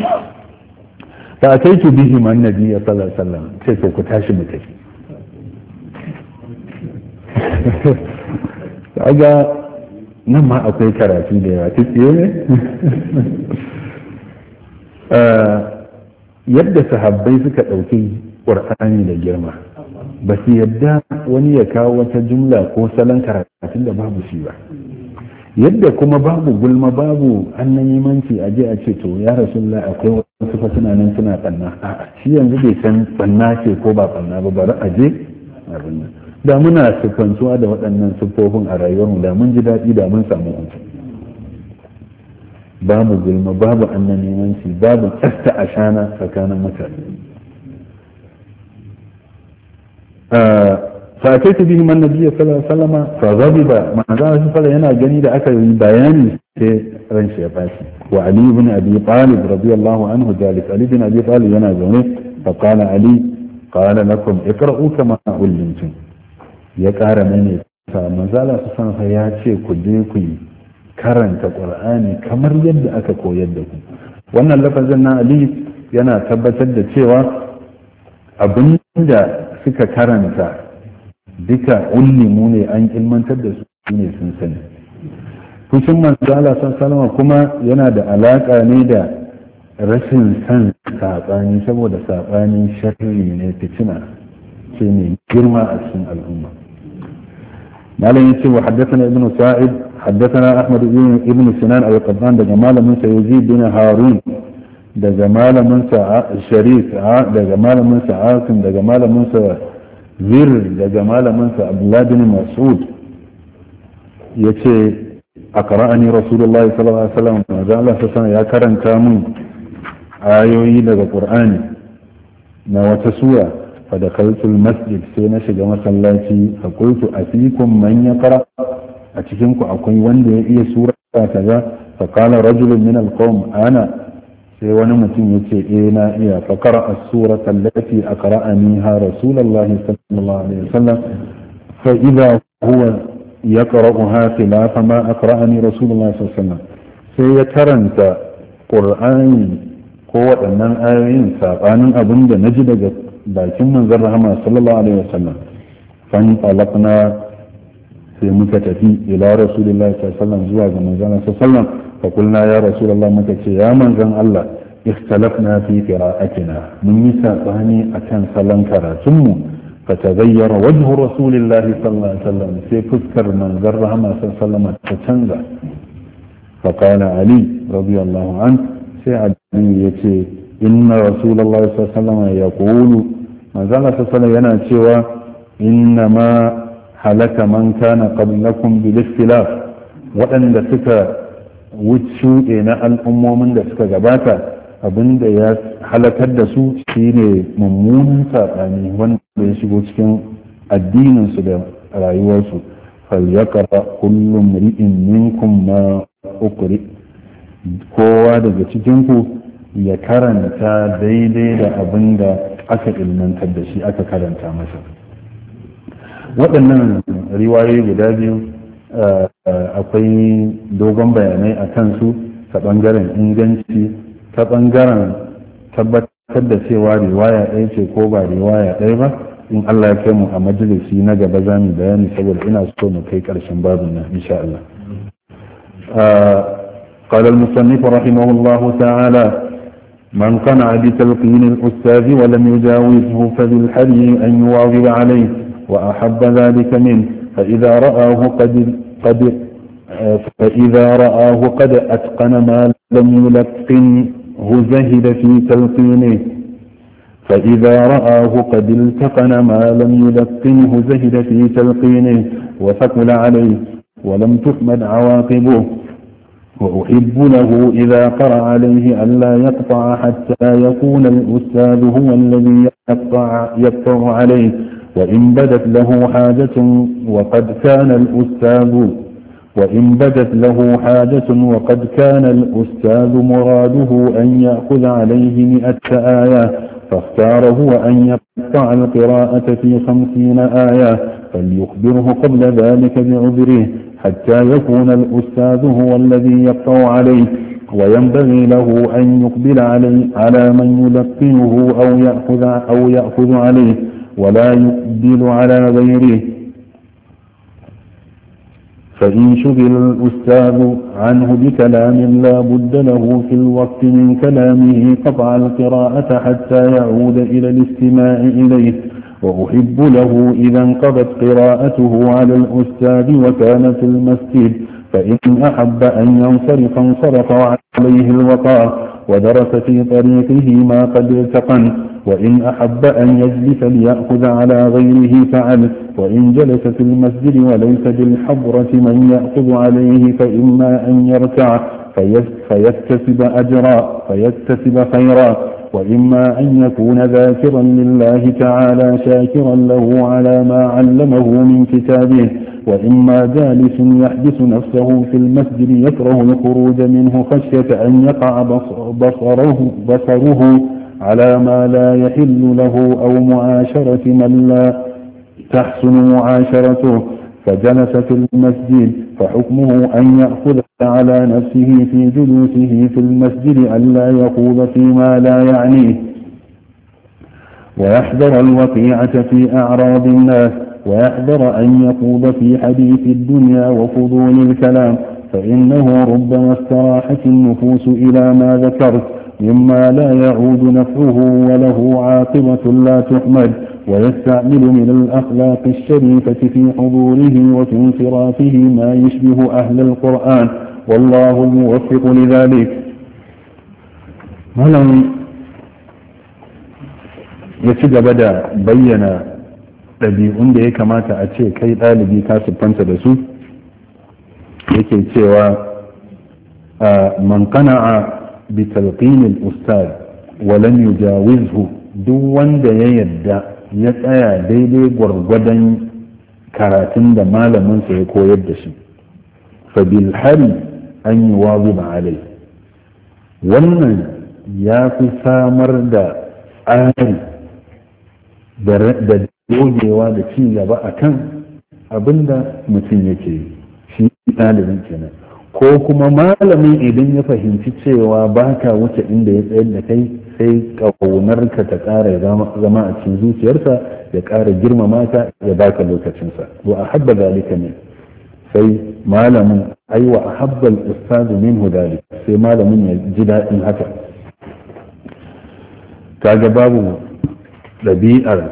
fa kai ataitu bihi man nabiyya sallallahu alaihi wasallam sai ku tashi mu tafi kaga nan ma akwai karatu da yawa tsiye ne eh, yadda sahabbai suka ɗauki ƙur'ani da girma ba su yadda wani ya kawo wata jumla ko salon karatun da babu shi ba yadda kuma babu gulma babu imanci a je a ce to ya rasulullah akwai wasu fa suna nan suna ɓanna a shi yanzu bai san ɓanna ce ko ba ɓanna ba bari a je a nan da muna siffantuwa da waɗannan siffofin a rayuwarmu da mun ji daɗi da mun samu amfani babu gulma babu annan annanimanci babu tsasta a shana tsakanin mutane فأتيت بهم النبي صلى الله عليه وسلم فغضب ما قال صلى yana gani da aka yi bayani sai ran shi ya fashi wa Ali ibn Abi Talib radiyallahu anhu dalik Ali ibn Abi Talib yana zaune fa qala Ali qala lakum iqra'u kama ullimtum ya ƙara mene ta manzala su san ya ce ku je ku yi karanta ƙur'ani kamar yadda aka koyar da ku wannan lafazin na ali yana tabbatar da cewa abin da suka karanta duka ullimu ne an ilmantar da su ne sun sani fushin manzala san salama kuma yana da alaƙa ne da rashin san saɓani saboda saɓanin sharri ne fitina ce ne girma a cikin al'umma malam yace wa haddathana ibnu sa'id haddathana ahmad ibn sinan aw qaddan daga malamin sa bin harun daga sharif daga malamin sa daga malamin sa zir daga malamin sa abdullah bin mas'ud yace أقرأني رسول الله صلى الله عليه وسلم ماذا الله سبحانه يا كرن كامون آيوي فدخلت المسجد سينا شجا صلاتي فقلت أفيكم من يقرأ أتكنك أقوي وندي إيه سورة كذا فقال رجل من القوم أنا سيوانا متن يتئينا إيه فقرأ السورة التي أقرأنيها رسول الله صلى الله عليه وسلم فإذا هو يقرأها خلاف ما أقرأني رسول الله صلى الله عليه وسلم سيترنت قرآن ko waɗannan ayoyin saɓanin abin da na ji daga bakin manzon rahama sallallahu alaihi wasallam fan talaqna sai muka tafi ila rasulillah sallallahu zuwa ga manzon sallallahu fa kulna ya rasulullah muka ce ya manzon Allah ikhtalafna fi qira'atina mun yi saɓani akan salon karatun mu فتغير وجه رسول الله صلى الله عليه sai fuskar فكر من ذرها ما صلى الله عليه وسلم فتنزع فقال علي رضي sai Ali ya ce inna rasulallah sallallahu alaihi ya qulu manzon sallallahu yana cewa inna ma halaka man kana qablakum bil ikhtilaf waɗanda suka wuce na al'ummomin da suka gabata abinda ya halakar da su shine mummunan saɓani wanda ya shigo cikin addininsu da rayuwarsu falyakara kullum ri'in minkum ma ukri kowa daga cikinku ya karanta daidai da abin da aka ilmantar da shi aka karanta masa waɗannan riwayoyi guda biyu eh, akwai dogon bayanai a kansu ta ɓangaren inganci ta ɓangaren tabbatar da cewa riwaya ɗaya ce ko ba riwaya ɗaya ba in Allah ya kai mu a majalisi na gaba za mu bayani saboda ina so mu kai ƙarshen babu nan insha Allah eh, قال المصنف رحمه الله تعالى من قنع بتلقين الأستاذ ولم يجاوزه فبالحري أن يواظب عليه وأحب ذلك منه فإذا رآه قد, قد فإذا رآه قد أتقن ما لم يلقنه زهد في تلقينه فإذا رآه قد التقن ما لم يلقنه زهد في تلقينه وثقل عليه ولم تحمد عواقبه وأحب له إذا قرأ عليه ألا يقطع حتى يكون الأستاذ هو الذي يقطع, يقطع عليه وإن بدت له حاجة وقد كان الأستاذ وإن بدت له حاجة وقد كان الأستاذ مراده أن يأخذ عليه مئة آية فاختار هو أن يقطع القراءة في خمسين آية فليخبره قبل ذلك بعذره حتى يكون الأستاذ هو الذي يقرأ عليه وينبغي له أن يقبل عليه على من يلقنه أو يأخذ, أو يأخذ عليه ولا يقبل على غيره فإن شغل الأستاذ عنه بكلام لا بد له في الوقت من كلامه قطع القراءة حتى يعود إلى الاستماع إليه وأحب له إذا انقضت قراءته على الأستاذ وكان في المسجد فإن أحب أن ينصرف انصرف عليه الوقار ودرس في طريقه ما قد التقن وإن أحب أن يجلس ليأخذ على غيره فعل وإن جلس في المسجد وليس بالحضرة من يأخذ عليه فإما أن يرتع فيكتسب أجرا فيكتسب خيرا وإما أن يكون ذاكرا لله تعالى شاكرا له على ما علمه من كتابه وإما جالس يحدث نفسه في المسجد يكره الخروج منه خشية أن يقع بصره, بصره على ما لا يحل له أو معاشرة من لا تحسن معاشرته فجلس في المسجد فحكمه أن يأخذ على نفسه في جلوسه في المسجد ألا يقول فيما لا يعنيه ويحذر الوقيعة في أعراض الناس ويحذر أن يقول في حديث الدنيا وفضول الكلام فإنه ربما استراحت النفوس إلى ما ذكرت مما لا يعود نفعه وله عاقبة لا تحمد ويستعمل من الأخلاق الشريفة في حضوره وفي انصرافه ما يشبه أهل القرآن والله الموفق لذلك malam يسجد بدا بينا الذي عنده كما تأتي كي kamata a ce kai ɗalibi ka siffanta da bi talqinil ustad wa lam yujawizhu duk wanda ya yadda ya tsaya daidai gwargwadon karatun da malaminsa ya koyar da shi fa bil hari an yi wazu ba alai wannan ya fi samar da tsari da dogewa da ci gaba akan kan abinda mutum yake yi shi ɗalibin kenan ko kuma malami idan ya fahimci cewa ba ka wuce inda ya tsayar da kai sai ƙaunarka ta ƙara zama a cikin zuciyarsa ya ƙara girmama ka ya baka lokacinsa wa a habba zalika ne sai malamin ai wa a habba ustazu minhu sai malamin ya ji daɗin haka ga babu ɗabi'ar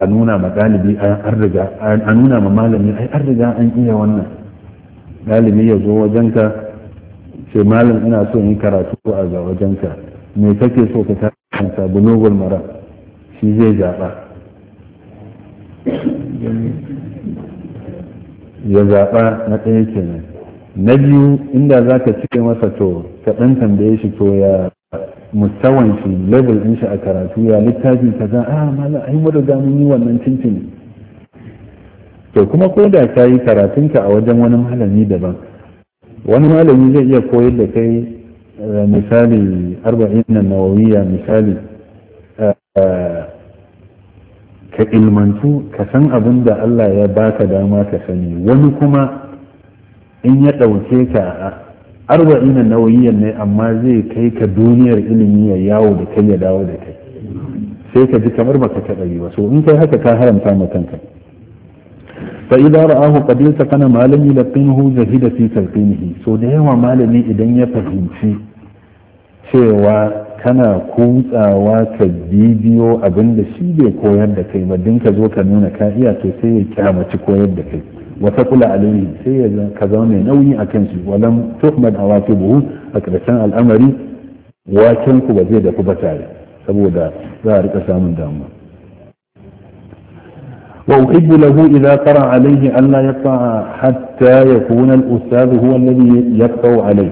a nuna ma ɗalibi an riga an nuna ma malami ai an riga an iya wannan dalibi ya zo wajenka ce malam ina so in karatu a ga wajenka me kake so ka karanta bulugul mara shi zai zaɓa ya zaɓa na ɗaya kenan na biyu inda za ka cike masa to ka ɗan tambaye shi to ya mustawan level ɗin shi a karatu ya littafi kaza a ah, malam ai mu mun yi wannan cincin to kuma ko da ka yi karatunka a wajen wani malami daban wani malami zai iya koyar da kai eh, misali arba'in na nawawiya misali eh, ka ilmantu ka san abin da Allah ya baka dama ka sani wani kuma in ya ɗauke ka a arba'in na nawawiyan ne amma zai kai ka duniyar ilimi ya yawo da kai ya dawo da kai sai ka ji kamar baka taɓa yi ba so in kai haka ka haramta ma kanka fa idan ra'ahu qad kana malami yalqinuhu zahida fi talqinihi so da yawa malami idan ya fahimci cewa kana kutsawa ka bidiyo abin da shi bai koyar da kai ba din ka zo ka nuna ka iya to sai ya kyamaci koyar da kai wata kula alaihi sai ya ka zama mai nauyi a kan shi walam tuhmad a buhu a ƙarshen al'amari waken ku ba zai dafu ba tare saboda za a rika samun damuwa وأحب له إذا قرأ عليه ألا يقطع حتى يكون الأستاذ هو الذي يقطع عليه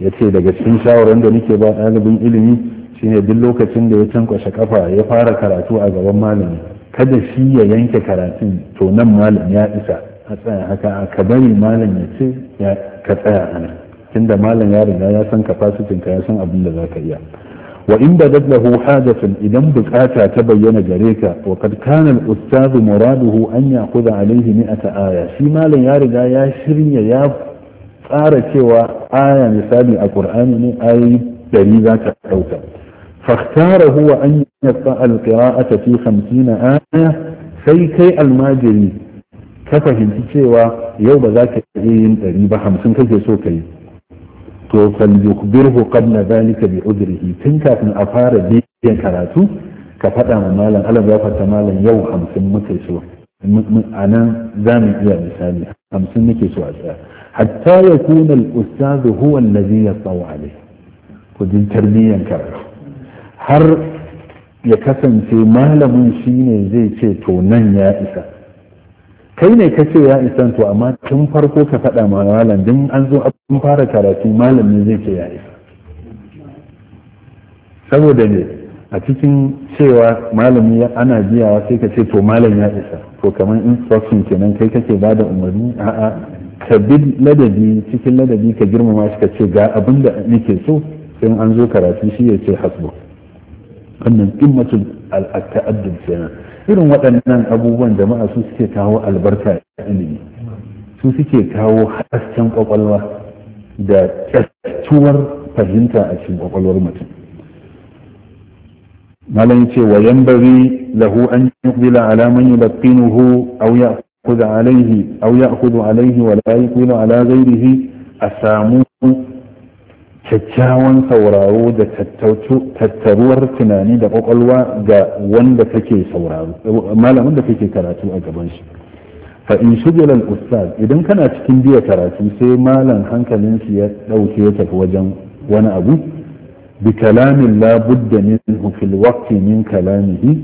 yace daga cikin shawarar da nake ba ɗalibin ilimi shine duk lokacin da ya tankwashe kafa ya fara karatu a gaban malami kada shi ya yanke karatun to nan malam ya isa a tsaya haka ka bari malam ya ce ka tsaya ana tunda malam ya riga ya san capacity ka ya san abin da za ka iya wa in badad lahu hajatun idan bukata ta bayyana gare ka wa kad kana al-ustadhu muraduhu an ya'khudha alayhi aya shi malam ya riga ya shirya ya tsara cewa aya misali a qur'ani ne ayoyi dari za ta dauka fahtara huwa an yaqra al-qira'ata fi 50 aya sai kai almajiri ka fahimci cewa yau ba za ka iya yin ɗari ba hamsin kake so ka yi to falyukbirhu qabla zalika bi udrihi tun kafin a fara biyan karatu ka faɗa ma malam alam ya fata malam yau hamsin muke so a nan za mu iya misali hamsin muke so a tsaya hatta ya kuna al'ustazu huwa allazi ya tsawo alai ku ji tarbiyyan karatu har ya kasance malamin shine zai ce to nan ya isa kai ne ka ce ya isan to amma tun farko ka faɗa ma malam din an zo an fara karatu malam zai ce ya isa saboda ne a cikin cewa malami ana biyawa sai ka ce to malam ya isa to kamar instruction kenan kai kake ba da umarni a'a ka bi ladabi cikin ladabi ka girmama shi ka ce ga abin da nake so sai an zo karatu shi ya ce hasbo wannan al-ta'addud kenan irin waɗannan abubuwan jama'a su suke kawo albarka ilimi su suke kawo hasken kwakwalwa da kyastuwar fahimta a cikin kwakwalwar mutum malam ce wa yanbaghi lahu an yuqbila ala man yulqinuhu aw ya'khudha alayhi aw ya'khudha alayhi wa la yuqbilu ala a samu kyakkyawan sauraro da tattaruwar tunani da kwakwalwa ga wanda kake sauraro malamin da kake karatu a gaban shi fa in ustaz idan kana cikin biya karatu sai malam hankalin shi ya dauke ya tafi wajen wani abu bi kalamin la budda min fil waqti min kalamihi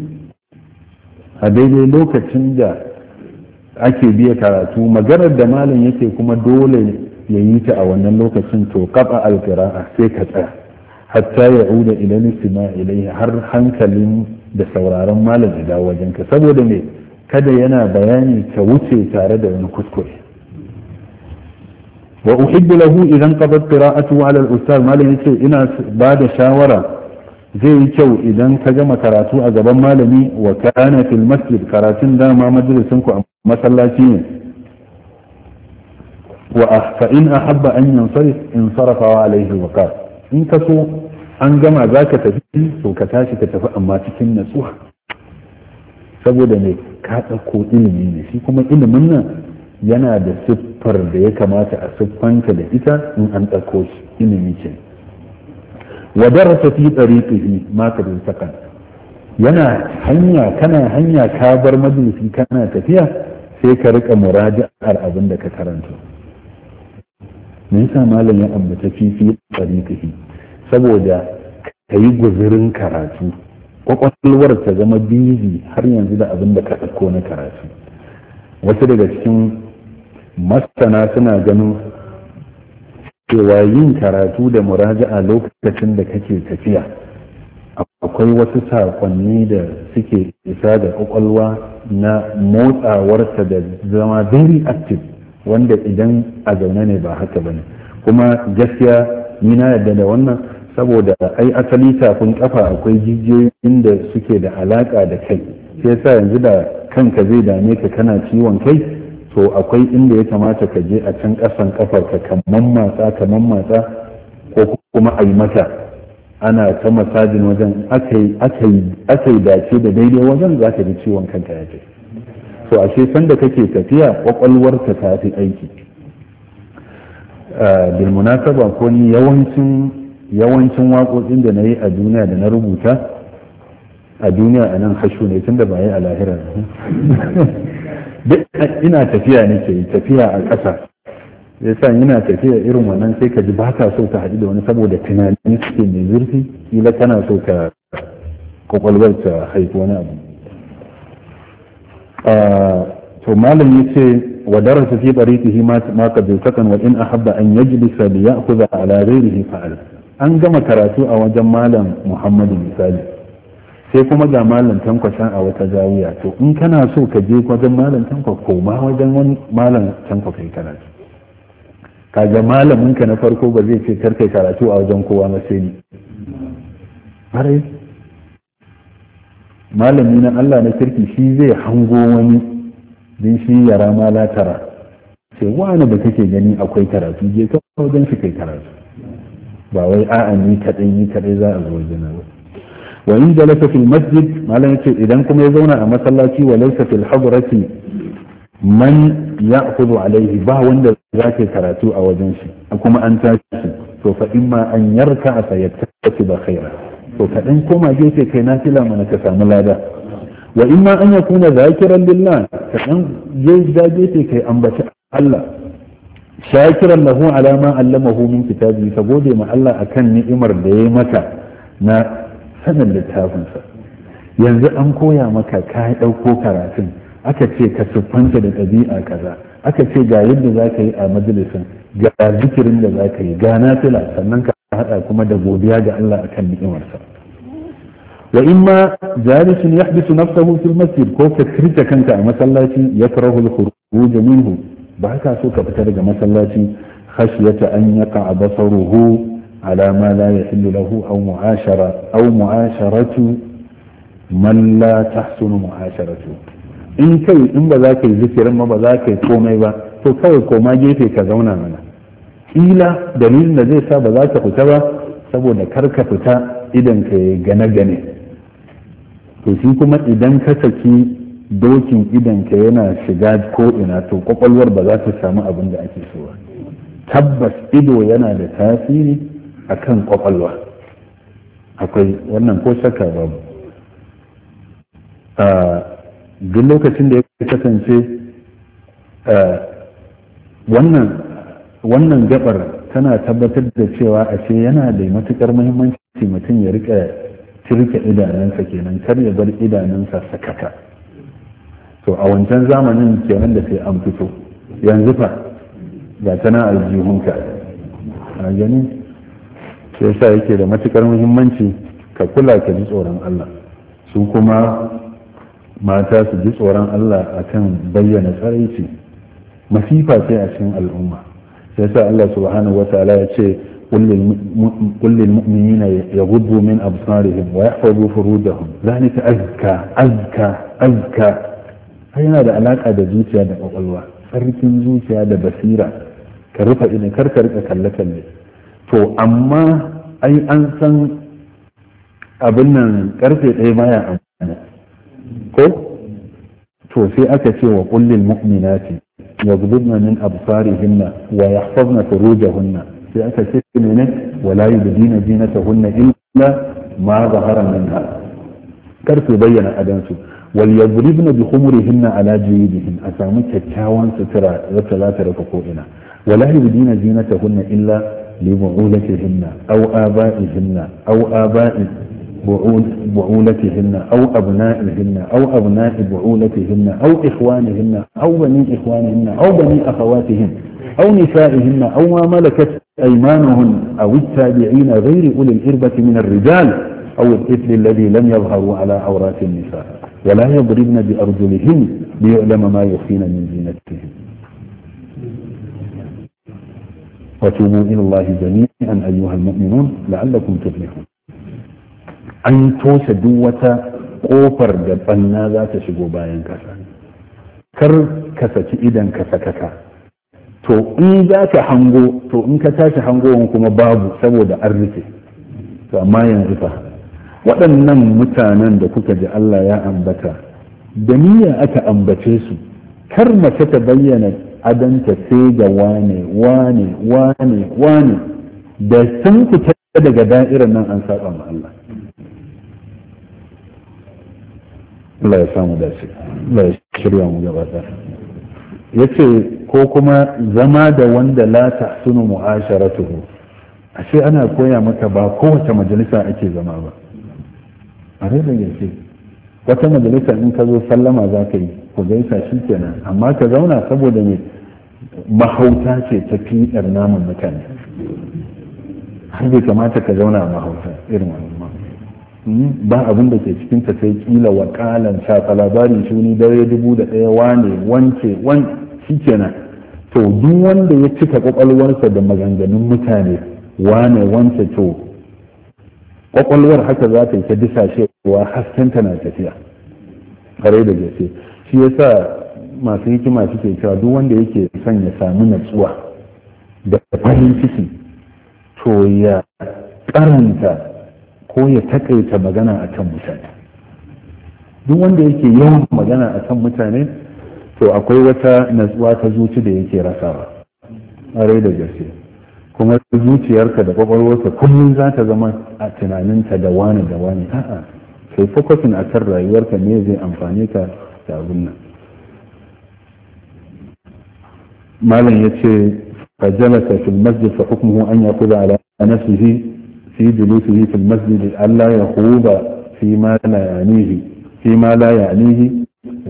a daidai lokacin da ake biya karatu maganar da malam yake kuma dole ya yi ta a wannan lokacin to kafa alkira'a sai ka tsaya hatta ya uda idan istima ilai har hankalin da sauraron malam ya dawo wajen ka saboda me kada yana bayani ka wuce tare da wani kuskure wa uhibbu lahu idan qadat qira'atu ala al-ustad malam yace ina ba da shawara zai yi kyau idan ka gama karatu a gaban malami wa kana fil masjid karatun dama majalisin ku a masallaci ne wa ah, fa'in a habba an yansarif in sarrafawa alaihi waqar in ka so an gama za ka tafi to ka tashi ka tafi amma cikin natsuwa saboda ne ka ɗauko ilimi ne shi kuma ilimin nan yana da siffar da ya kamata a siffanta da ita in an ɗauko shi ilimi ce wa darasa fi tsariƙihi maka bin sakan yana hanya hanya ka bar majalisi kana tafiya sai ka riƙa muraja'ar abin da ka karanta me yasa malam ya ambata fifi tsarikahi saboda ka yi guzurin karatu kwakwalwar ta zama bizi har yanzu da abin da ka ɗauko na karatu wasu daga cikin masana suna ganin cewa yin karatu da a lokacin da kake tafiya akwai wasu saƙonni da suke isa da kwakwalwa na motsawarta da zama very active wanda idan a zaune ne ba haka ba ne kuma gaskiya ni na yarda da wannan saboda ai asali tafin kafa akwai jijiyoyin da suke da alaka da kai sai yasa yanzu da kanka zai dame ka kana ciwon kai to akwai inda ya kamata ka je a can kasan kafar ka kaman matsa kaman matsa ko kuma a yi mata ana ta masajin wajen aka yi dace da daidai wajen za ka ji ciwon kanka ya ce to ashe sanda kake tafiya kwakwalwarka ta fi aiki ah, bil munasaba ko ni yawancin yawancin waƙoƙin da na yi a duniya da na rubuta a duniya a nan hashu ne tun da ba yi a lahira duk ina tafiya tafiya a ƙasa ya sa ina tafiya irin wannan sai ka ji ba ka so ka haɗu da wani saboda tunanin suke mai zurfi kila kana so ka kwakwalwar ta haifi wani abu to malam yace wa darasa fi tariqihi ma ma sakan wa in ahabba an yajlisa li ya'khudha ala ghayrihi fa'al an gama karatu a wajen malam Muhammadu misali sai kuma ga malam tankwashan a wata zawiya to in kana so ka je wajen malam tankwa ma wajen wani malam tankwa kai karatu kaga malamin ka na farko ba zai ce karkai karatu a wajen kowa na sai ni malami na Allah na kirki shi zai hango wani din shi yara ma latara sai wani da kake gani akwai karatu je ka wajen shi kai karatu ba wai a'a ni kadai ni kadai za a zo wajen ba wa in jalasa fil masjid malam ce idan kuma ya zauna a masallaci wa laysa fil hadrati man ya'khudhu alayhi ba wanda zake karatu a wajen shi kuma an tashi to fa imma an yarka fa yattaki ba khaira to kaɗan koma gefe kai na fila mana ka samu lada wa in ma an yakuna zakiran lillah kaɗan ya gefe kai ambaci Allah shakiran lahu ala ma min kitabi ka gode ma Allah akan ni'imar da ya maka na sanin littafinsa yanzu an koya maka ka ɗauko karatun aka ce ka siffanta da ɗabi'a kaza aka ce ga yadda za ka yi a majalisin ga zikirin da za ka yi ga nafila sannan ka haɗa kuma da godiya ga Allah akan ni'imarsa وإما جالس يحبس نفسه في المسجد كوكا كريتا كانت مثلا يكره الخروج منه بعد سوكا بترجى مثلا خشية أن يقع بصره على ما لا يحل له أو معاشرة أو معاشرة من لا تحسن معاشرته إن كي إن بذاك الذكر ما بذاك كوما يبا تو كوما جيتي كذونا منا إلا دليل نزيسا بذاك كتبا سبو نكركتا إذا كي جنا to shi kuma idan ka saki dokin idanka yana shiga ko ina to kwakwalwar ba za ta samu abin da ake so ba tabbas ido yana da tasiri akan kwakwalwa akwai wannan ko shakka babu duk lokacin da ya kasance wannan wannan gabar tana tabbatar da cewa ashe yana da matukar muhimmanci mutum ya rika turke idanunsa kenan kar ya bar idanunsa sakata to a wancan zamanin kenan da sai an fito yanzu fa ga tana aljihunka a gani ya sa yake da matukar muhimmanci ka kula ka ji tsoron Allah su kuma mata su ji tsoron Allah a kan bayyana tsaraici masifa ce a cikin al'umma sai sa Allah subhanahu wa ta'ala ya ce قل للمؤمنين يغضوا من أبصارهم ويحفظوا فروجهم ذلك أزكى أزكى أزكى هنا da alaƙa da zuciya da ƙwaƙwalwa sarkin zuciya da basira ka rufe idan kar ka rika kalle kalle to amma an san abin nan karfe ɗaya baya amfana ko to sai aka ce wa kullil mu'minati yaghdubna min absarihinna wa sai aka ce mene wala yubdina zinatahunna illa ma zahara minha kar su bayyana adansu wal yadribna bi khumurihinna ala juyubihin a samu kyakkyawan sutura wacce za ta rufe ko ina wala yubdina zinatahunna illa li bu'ulatihinna aw aba'ihinna aw aba'i بعولتهن أو أبنائهن أو أبناء بعولتهن أو إخوانهن أو بني إخوانهن أو بني أخواتهن أو نسائهن أو ما ملكت أيمانهن أو التابعين غير أولي الإربة من الرجال أو الإثل الذي لم يظهروا على عورات النساء ولا يضربن بأرجلهن ليعلم ما يخفين من زينتهن وتوبوا إلى الله جميعا أيها المؤمنون لعلكم تفلحون an toshe duk wata ƙofar da banna za ta shigo bayan kasa. kar ka saki idan ka sakaka to in za ka hango to in ka tashi hangowan kuma babu saboda an rufe to amma yanzu fa waɗannan mutanen da kuka ji Allah ya ambata da niyya aka ambace su kar mace ta bayyana adanta sai da wane wane wane wane da sun fita daga da'irar nan an saba ma Allah Allah ya samu dace Allah ya shirya mu gaba ya ce ko kuma zama da wanda la ta sunu mu'asharatuhu ashe ana koya maka ba kowace majalisa ake zama ba a da yace wata majalisa in ka zo sallama za ka yi ku gaisa shi kenan amma ka zauna saboda me mahauta ce ta fi fiɗar naman mutane har bai kamata ka zauna a mahauta irin wani ba abin da ke cikin ta sai kila wa kalan shafa labari shuni dare dubu da ɗaya wane wance wan shi kenan to duk wanda ya cika kwakwalwarsa da maganganun mutane wane wance to kwakwalwar haka za ta yi ta hasken haskenta na tafiya kare da gaske shi yasa masu hikima suke cewa duk wanda yake son ya sami natsuwa da farin ciki to ya karanta ko ya takaita magana a kan mutane duk wanda yake yawan magana a kan mutane to akwai wata natsuwa ta zuci da yake rasawa rai da gaske kuma zuciyarka da kwakwalwarka kullum za ta zama a tunaninta da wani da wani a'a sai fokusin a kan rayuwarka ne zai amfani ka da abin nan malam ya ce fajalasa fil masjid fa hukmuhu an yakuza ala nafsihi في جلوسه في المسجد ألا يخوض فيما لا يعنيه فيما لا يعنيه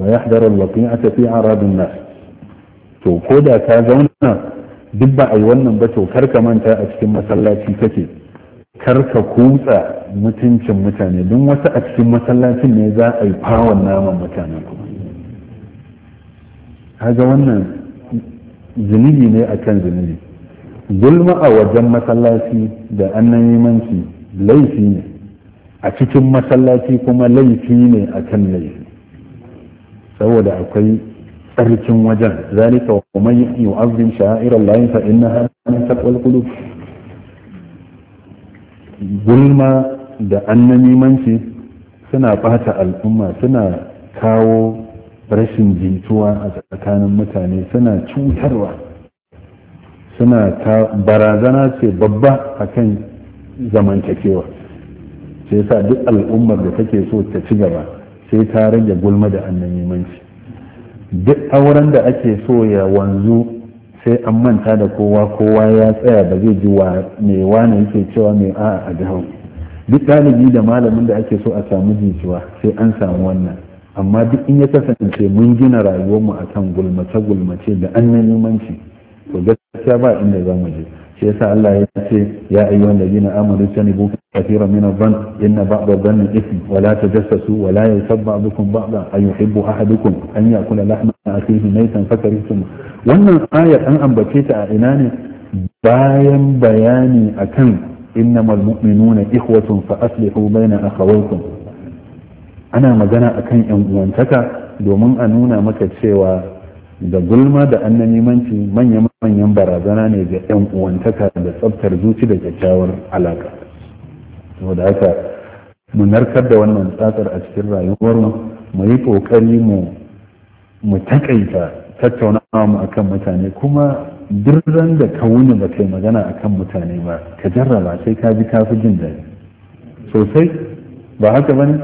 ويحذر الوقيعة في أعراض الناس to ko da ka zauna duk ba a yi wannan ba to kar ka manta a cikin masallaci kake kar ka kutsa mutuncin mutane don wasu a cikin masallacin ne za a yi fawon naman mutane kuma kaga wannan zunubi ne akan zunubi gulma a wajen masallaci da annan yimanci laifi ne a cikin masallaci kuma laifi ne a kan laifi saboda akwai tsarkin wajen zalika wa kuma yu'azzim sha'irar layin fa na hannun taqwal kudu gulma da annan yimanci suna bata al'umma suna kawo rashin jituwa a tsakanin mutane suna cutarwa suna ta barazana ce babba akan zamantakewa sai yasa duk al'ummar da take so ta ci gaba sai ta rage gulma da annamimanci duk auren da ake so ya wanzu sai an manta da kowa kowa ya tsaya ba zai ji wa me wane yake cewa me a a dahau duk ɗalibi da malamin da ake so a samu jijiwa sai an samu wannan amma duk in ya kasance mun gina rayuwarmu akan gulmace-gulmace da annamimanci to gaskiya ba inda za mu je shi yasa Allah ya ce ya ayyuhan ladina amanu tanibu kathiran min adh-dhann inna ba'da adh-dhanni ithm wa la tajassasu wa la yaghtab ba'dukum ba'dan ay yuhibbu ahadukum an ya'kula lahma akhihi maytan fakarihtum wannan aya an ambace ta a ina ne bayan bayani akan innamal mu'minuna ikhwatun fa aslihu bayna akhawaykum ana magana akan yan uwantaka domin a nuna maka cewa da gulma da manci manya-manyan barazana ne ga 'yan uwantaka da tsabtar zuci da kyakkyawar alaka da haka mu narkar da wannan tsatsar a cikin rayuwar mu mu yi ƙoƙari mu mu takaita tattaunawa mu akan mutane kuma dirran da ka wuni ba kai magana akan mutane ba ka jarraba sai ka ji kafi jin daɗi sosai ba haka ba ne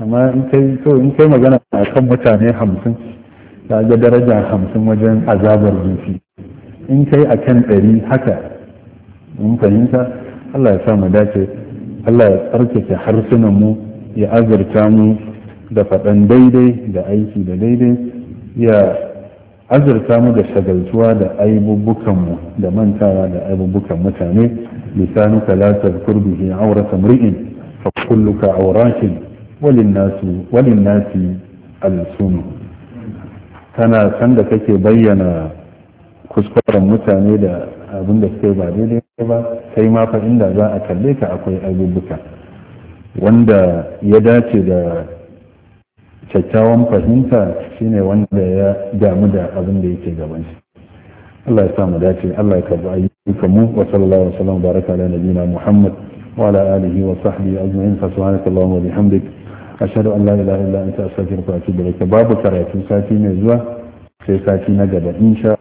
amma in kai magana a kan mutane hamsin ta ga daraja hamsin wajen azabar zuci in kai a kan ɗari haka mun fahimta Allah ya samu dace Allah ya tsarkake harsunan mu ya azurta mu da faɗan daidai da aiki da daidai ya azurta mu da shagaltuwa da aibubbukanmu da mantawa da aibubbukan mutane lisanuka la tadhkur bihi awrata mri'in fa kulluka awratin walin nasi alsunu tana sanda kake bayyana kuskuren mutane da abin da suke ba daidai ba sai ma fa inda za a kalle ka akwai abubuwa wanda ya dace da kyakkyawan fahimta shine wanda ya damu da abin da yake gaban shi Allah ya samu dace Allah ya karbi ayyukan mu wa sallallahu alaihi wa sallam baraka ala nabiyina Muhammad wa ala alihi wa sahbihi ajma'in fa subhanakallahumma wa bihamdika ashhadu an la ilaha illa anta astaghfiruka wa atubu ilayk babu karatu sati mai zuwa sai sati na in sha.